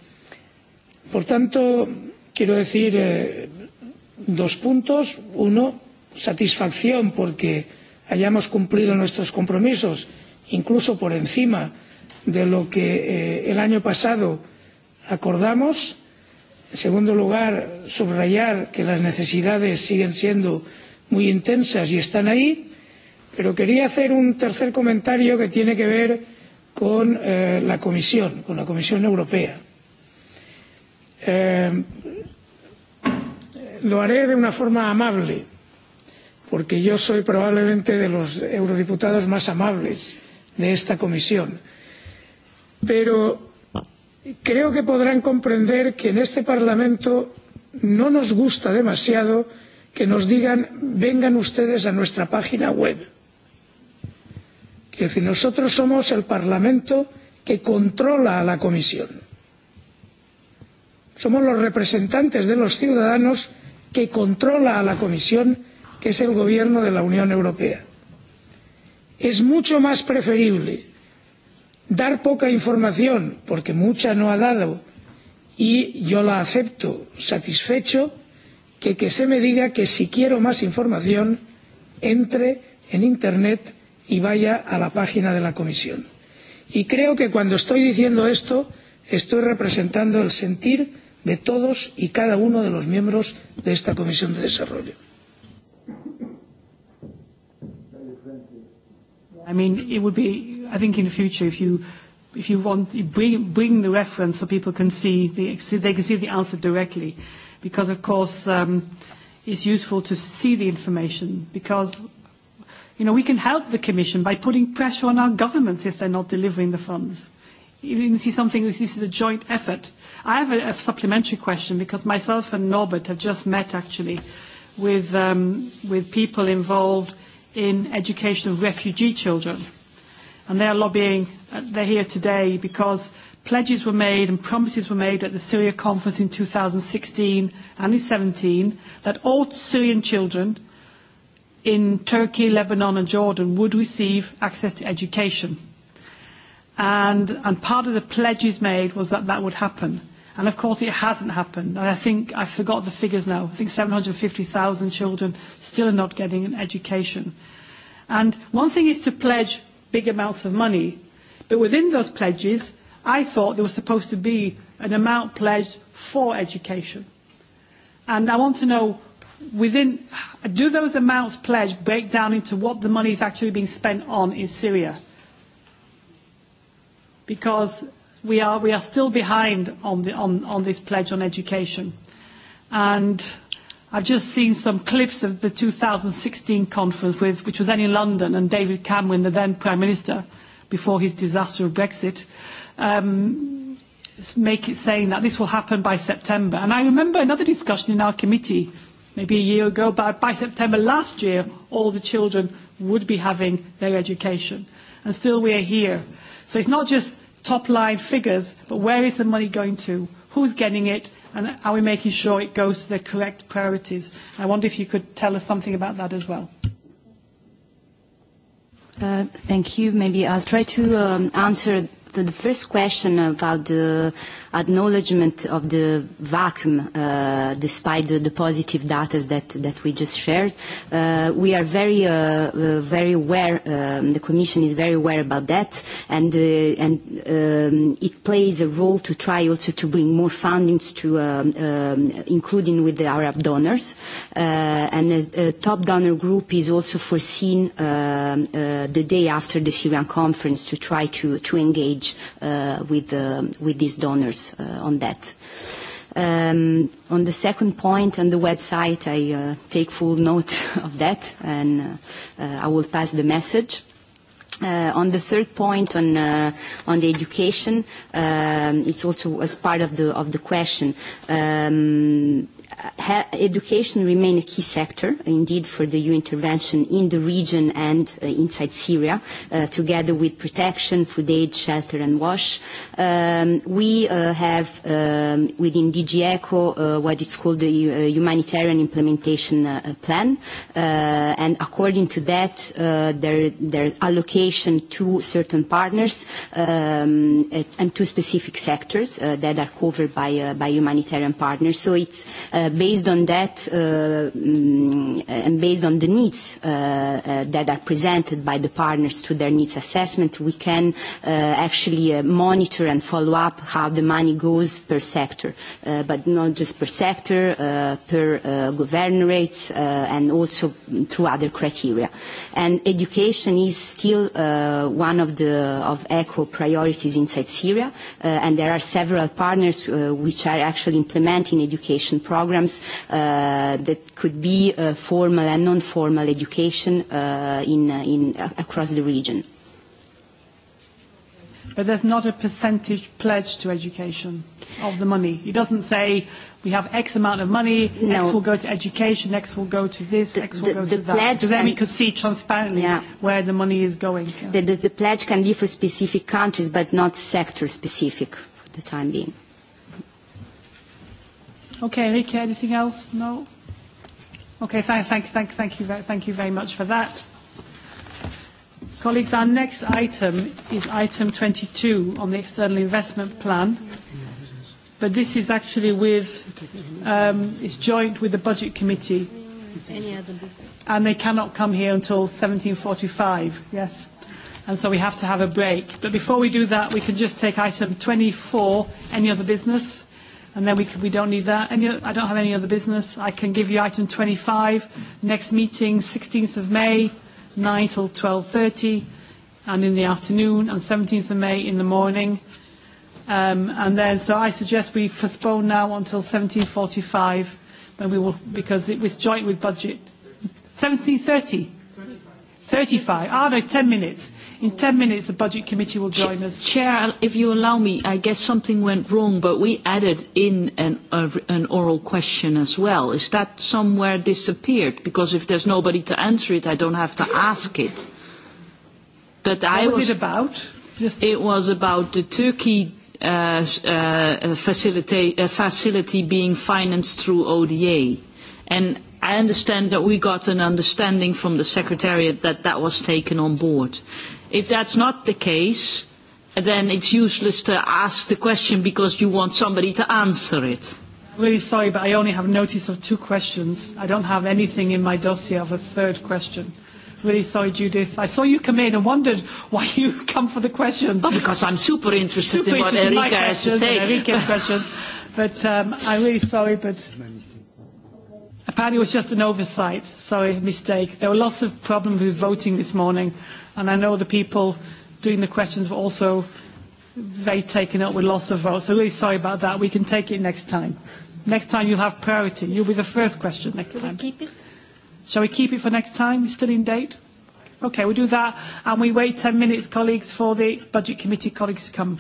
Speaker 14: por tanto quiero decir eh, dos puntos uno satisfacción porque hayamos cumplido nuestros compromisos, incluso por encima de lo que eh, el año pasado acordamos. En segundo lugar, subrayar que las necesidades siguen siendo muy intensas y están ahí. Pero quería hacer un tercer comentario que tiene que ver con eh, la Comisión, con la Comisión Europea. Eh, lo haré de una forma amable porque yo soy probablemente de los eurodiputados más amables de esta comisión. Pero creo que podrán comprender que en este Parlamento no nos gusta demasiado que nos digan vengan ustedes a nuestra página web. Quiero decir, nosotros somos el Parlamento que controla a la Comisión. Somos los representantes de los ciudadanos que controla a la Comisión que es el gobierno de la Unión Europea. Es mucho más preferible dar poca información, porque mucha no ha dado y yo la acepto satisfecho, que que se me diga que si quiero más información entre en Internet y vaya a la página de la Comisión. Y creo que cuando estoy diciendo esto estoy representando el sentir de todos y cada uno de los miembros de esta Comisión de Desarrollo.
Speaker 11: I mean, it would be, I think in the future, if you, if you want, you bring, bring the reference so people can see the, so they can see the answer directly. Because of course, um, it's useful to see the information because, you know, we can help the Commission by putting pressure on our governments if they're not delivering the funds. You see something, this is a joint effort. I have a, a supplementary question because myself and Norbert have just met actually with, um, with people involved in education of refugee children. And they are lobbying, uh, they're here today because pledges were made and promises were made at the Syria conference in 2016 and in 17 that all Syrian children in Turkey, Lebanon and Jordan would receive access to education. And, and part of the pledges made was that that would happen. And of course, it hasn't happened. And I think I forgot the figures now. I think 750,000 children still are not getting an education. And one thing is to pledge big amounts of money, but within those pledges, I thought there was supposed to be an amount pledged for education. And I want to know within do those amounts pledged break down into what the money is actually being spent on in Syria? Because we are, we are still behind on, the, on, on this pledge on education. And I've just seen some clips of the 2016 conference, with, which was then in London, and David Cameron, the then Prime Minister, before his disaster of Brexit, um, make it saying that this will happen by September. And I remember another discussion in our committee maybe a year ago about by September last year, all the children would be having their education. And still we are here. So it's not just top-line figures, but where is the money going to? Who's getting it? And are we making sure it goes to the correct priorities? I wonder if you could tell us something about that as well.
Speaker 5: Uh, thank you. Maybe I'll try to um, answer the, the first question about the acknowledgement of the vacuum, uh, despite the, the positive data that, that we just shared. Uh, we are very, uh, uh, very aware, um, the Commission is very aware about that, and, uh, and um, it plays a role to try also to bring more fundings to, um, um, including with the Arab donors. Uh, and a, a top donor group is also foreseen um, uh, the day after the Syrian conference to try to, to engage uh, with, uh, with these donors views uh, on that. Um, on the second point, on the website, I uh, take full note of that, and uh, uh, I will pass the message. Uh, on the third point on uh, on the education, um, it's also as part of the of the question. Um, Uh, education remain a key sector, indeed, for the EU intervention in the region and uh, inside Syria, uh, together with protection, food aid, shelter and wash. Um, we uh, have um, within DG ECHO uh, what is called the uh, humanitarian implementation uh, uh plan, uh, and according to that, uh, their, their allocation to certain partners um, and to specific sectors uh, that are covered by, uh, by humanitarian partners. So it's uh, Uh, based on that uh, mm, and based on the needs uh, uh, that are presented by the partners to their needs assessment, we can uh, actually uh, monitor and follow up how the money goes per sector, uh, but not just per sector, uh, per uh, governorates, uh, and also through other criteria. And education is still uh, one of the of ECHO priorities inside Syria, uh, and there are several partners uh, which are actually implementing education programs programs uh, that could be uh, formal and non-formal education uh, in, uh, in, uh, across the region.
Speaker 11: But there's not a percentage pledge to education of the money. It doesn't say we have X amount of money, no. X will go to education, X will go to this, the, X will the, go the to the that. Because then we could
Speaker 5: see transparently yeah. where the money is going. Yeah. The, the, the pledge can be for specific countries, but not sector specific for the time being.
Speaker 11: Okay, Enrique, anything else? No? Okay, thank, thank, thank, thank, you, thank you very much for that. Colleagues, our next item is item 22 on the external investment plan. But this is actually with, um, it's joint with the budget committee.
Speaker 2: Any other business?
Speaker 11: And they cannot come here until 1745, yes? And so we have to have a break. But before we do that, we can just take item 24, any other business? and then we, we don't need that. Any, I don't have any other business. I can give you item 25, next meeting 16th of May, 9 till 12.30, and in the afternoon, and 17th of May in the morning. Um, and then, so I suggest we postpone now until 17.45, when we will, because it was joint with budget. 17.30? 35. Ah, oh, no, 10 minutes. In 10
Speaker 2: minutes, the Budget Committee will join Ch us. Chair, if you allow me, I guess something went wrong, but we added in an, uh, an oral question as well. Is that somewhere disappeared? Because if there's nobody to answer it, I don't have to ask it. But what I was, was it about? Just it was about the Turkey uh, uh, facility, uh, facility being financed through ODA. And I understand that we got an understanding from the Secretariat that that was taken on board. If that's not the case, then it's useless to ask the question because you want somebody to answer it.
Speaker 11: I'm really sorry, but I only have notice of two questions. I don't have anything in my dossier of a third question. Really sorry, Judith. I saw you come in and wondered why you come for the questions. Well, oh, because I'm super interested super in what interested Erika in has to say. Erika's questions. But um, I'm really sorry, but Apparently it was just an oversight. Sorry, mistake. There were lots of problems with voting this morning, and I know the people doing the questions were also very taken up with lots of votes. So really sorry about that. We can take it next time. Next time you'll have priority. You'll be the first question next Shall time. Shall we keep it? Shall we keep it for next time? Still in date? Okay, we'll do that, and we wait 10 minutes, colleagues, for the Budget Committee colleagues to come.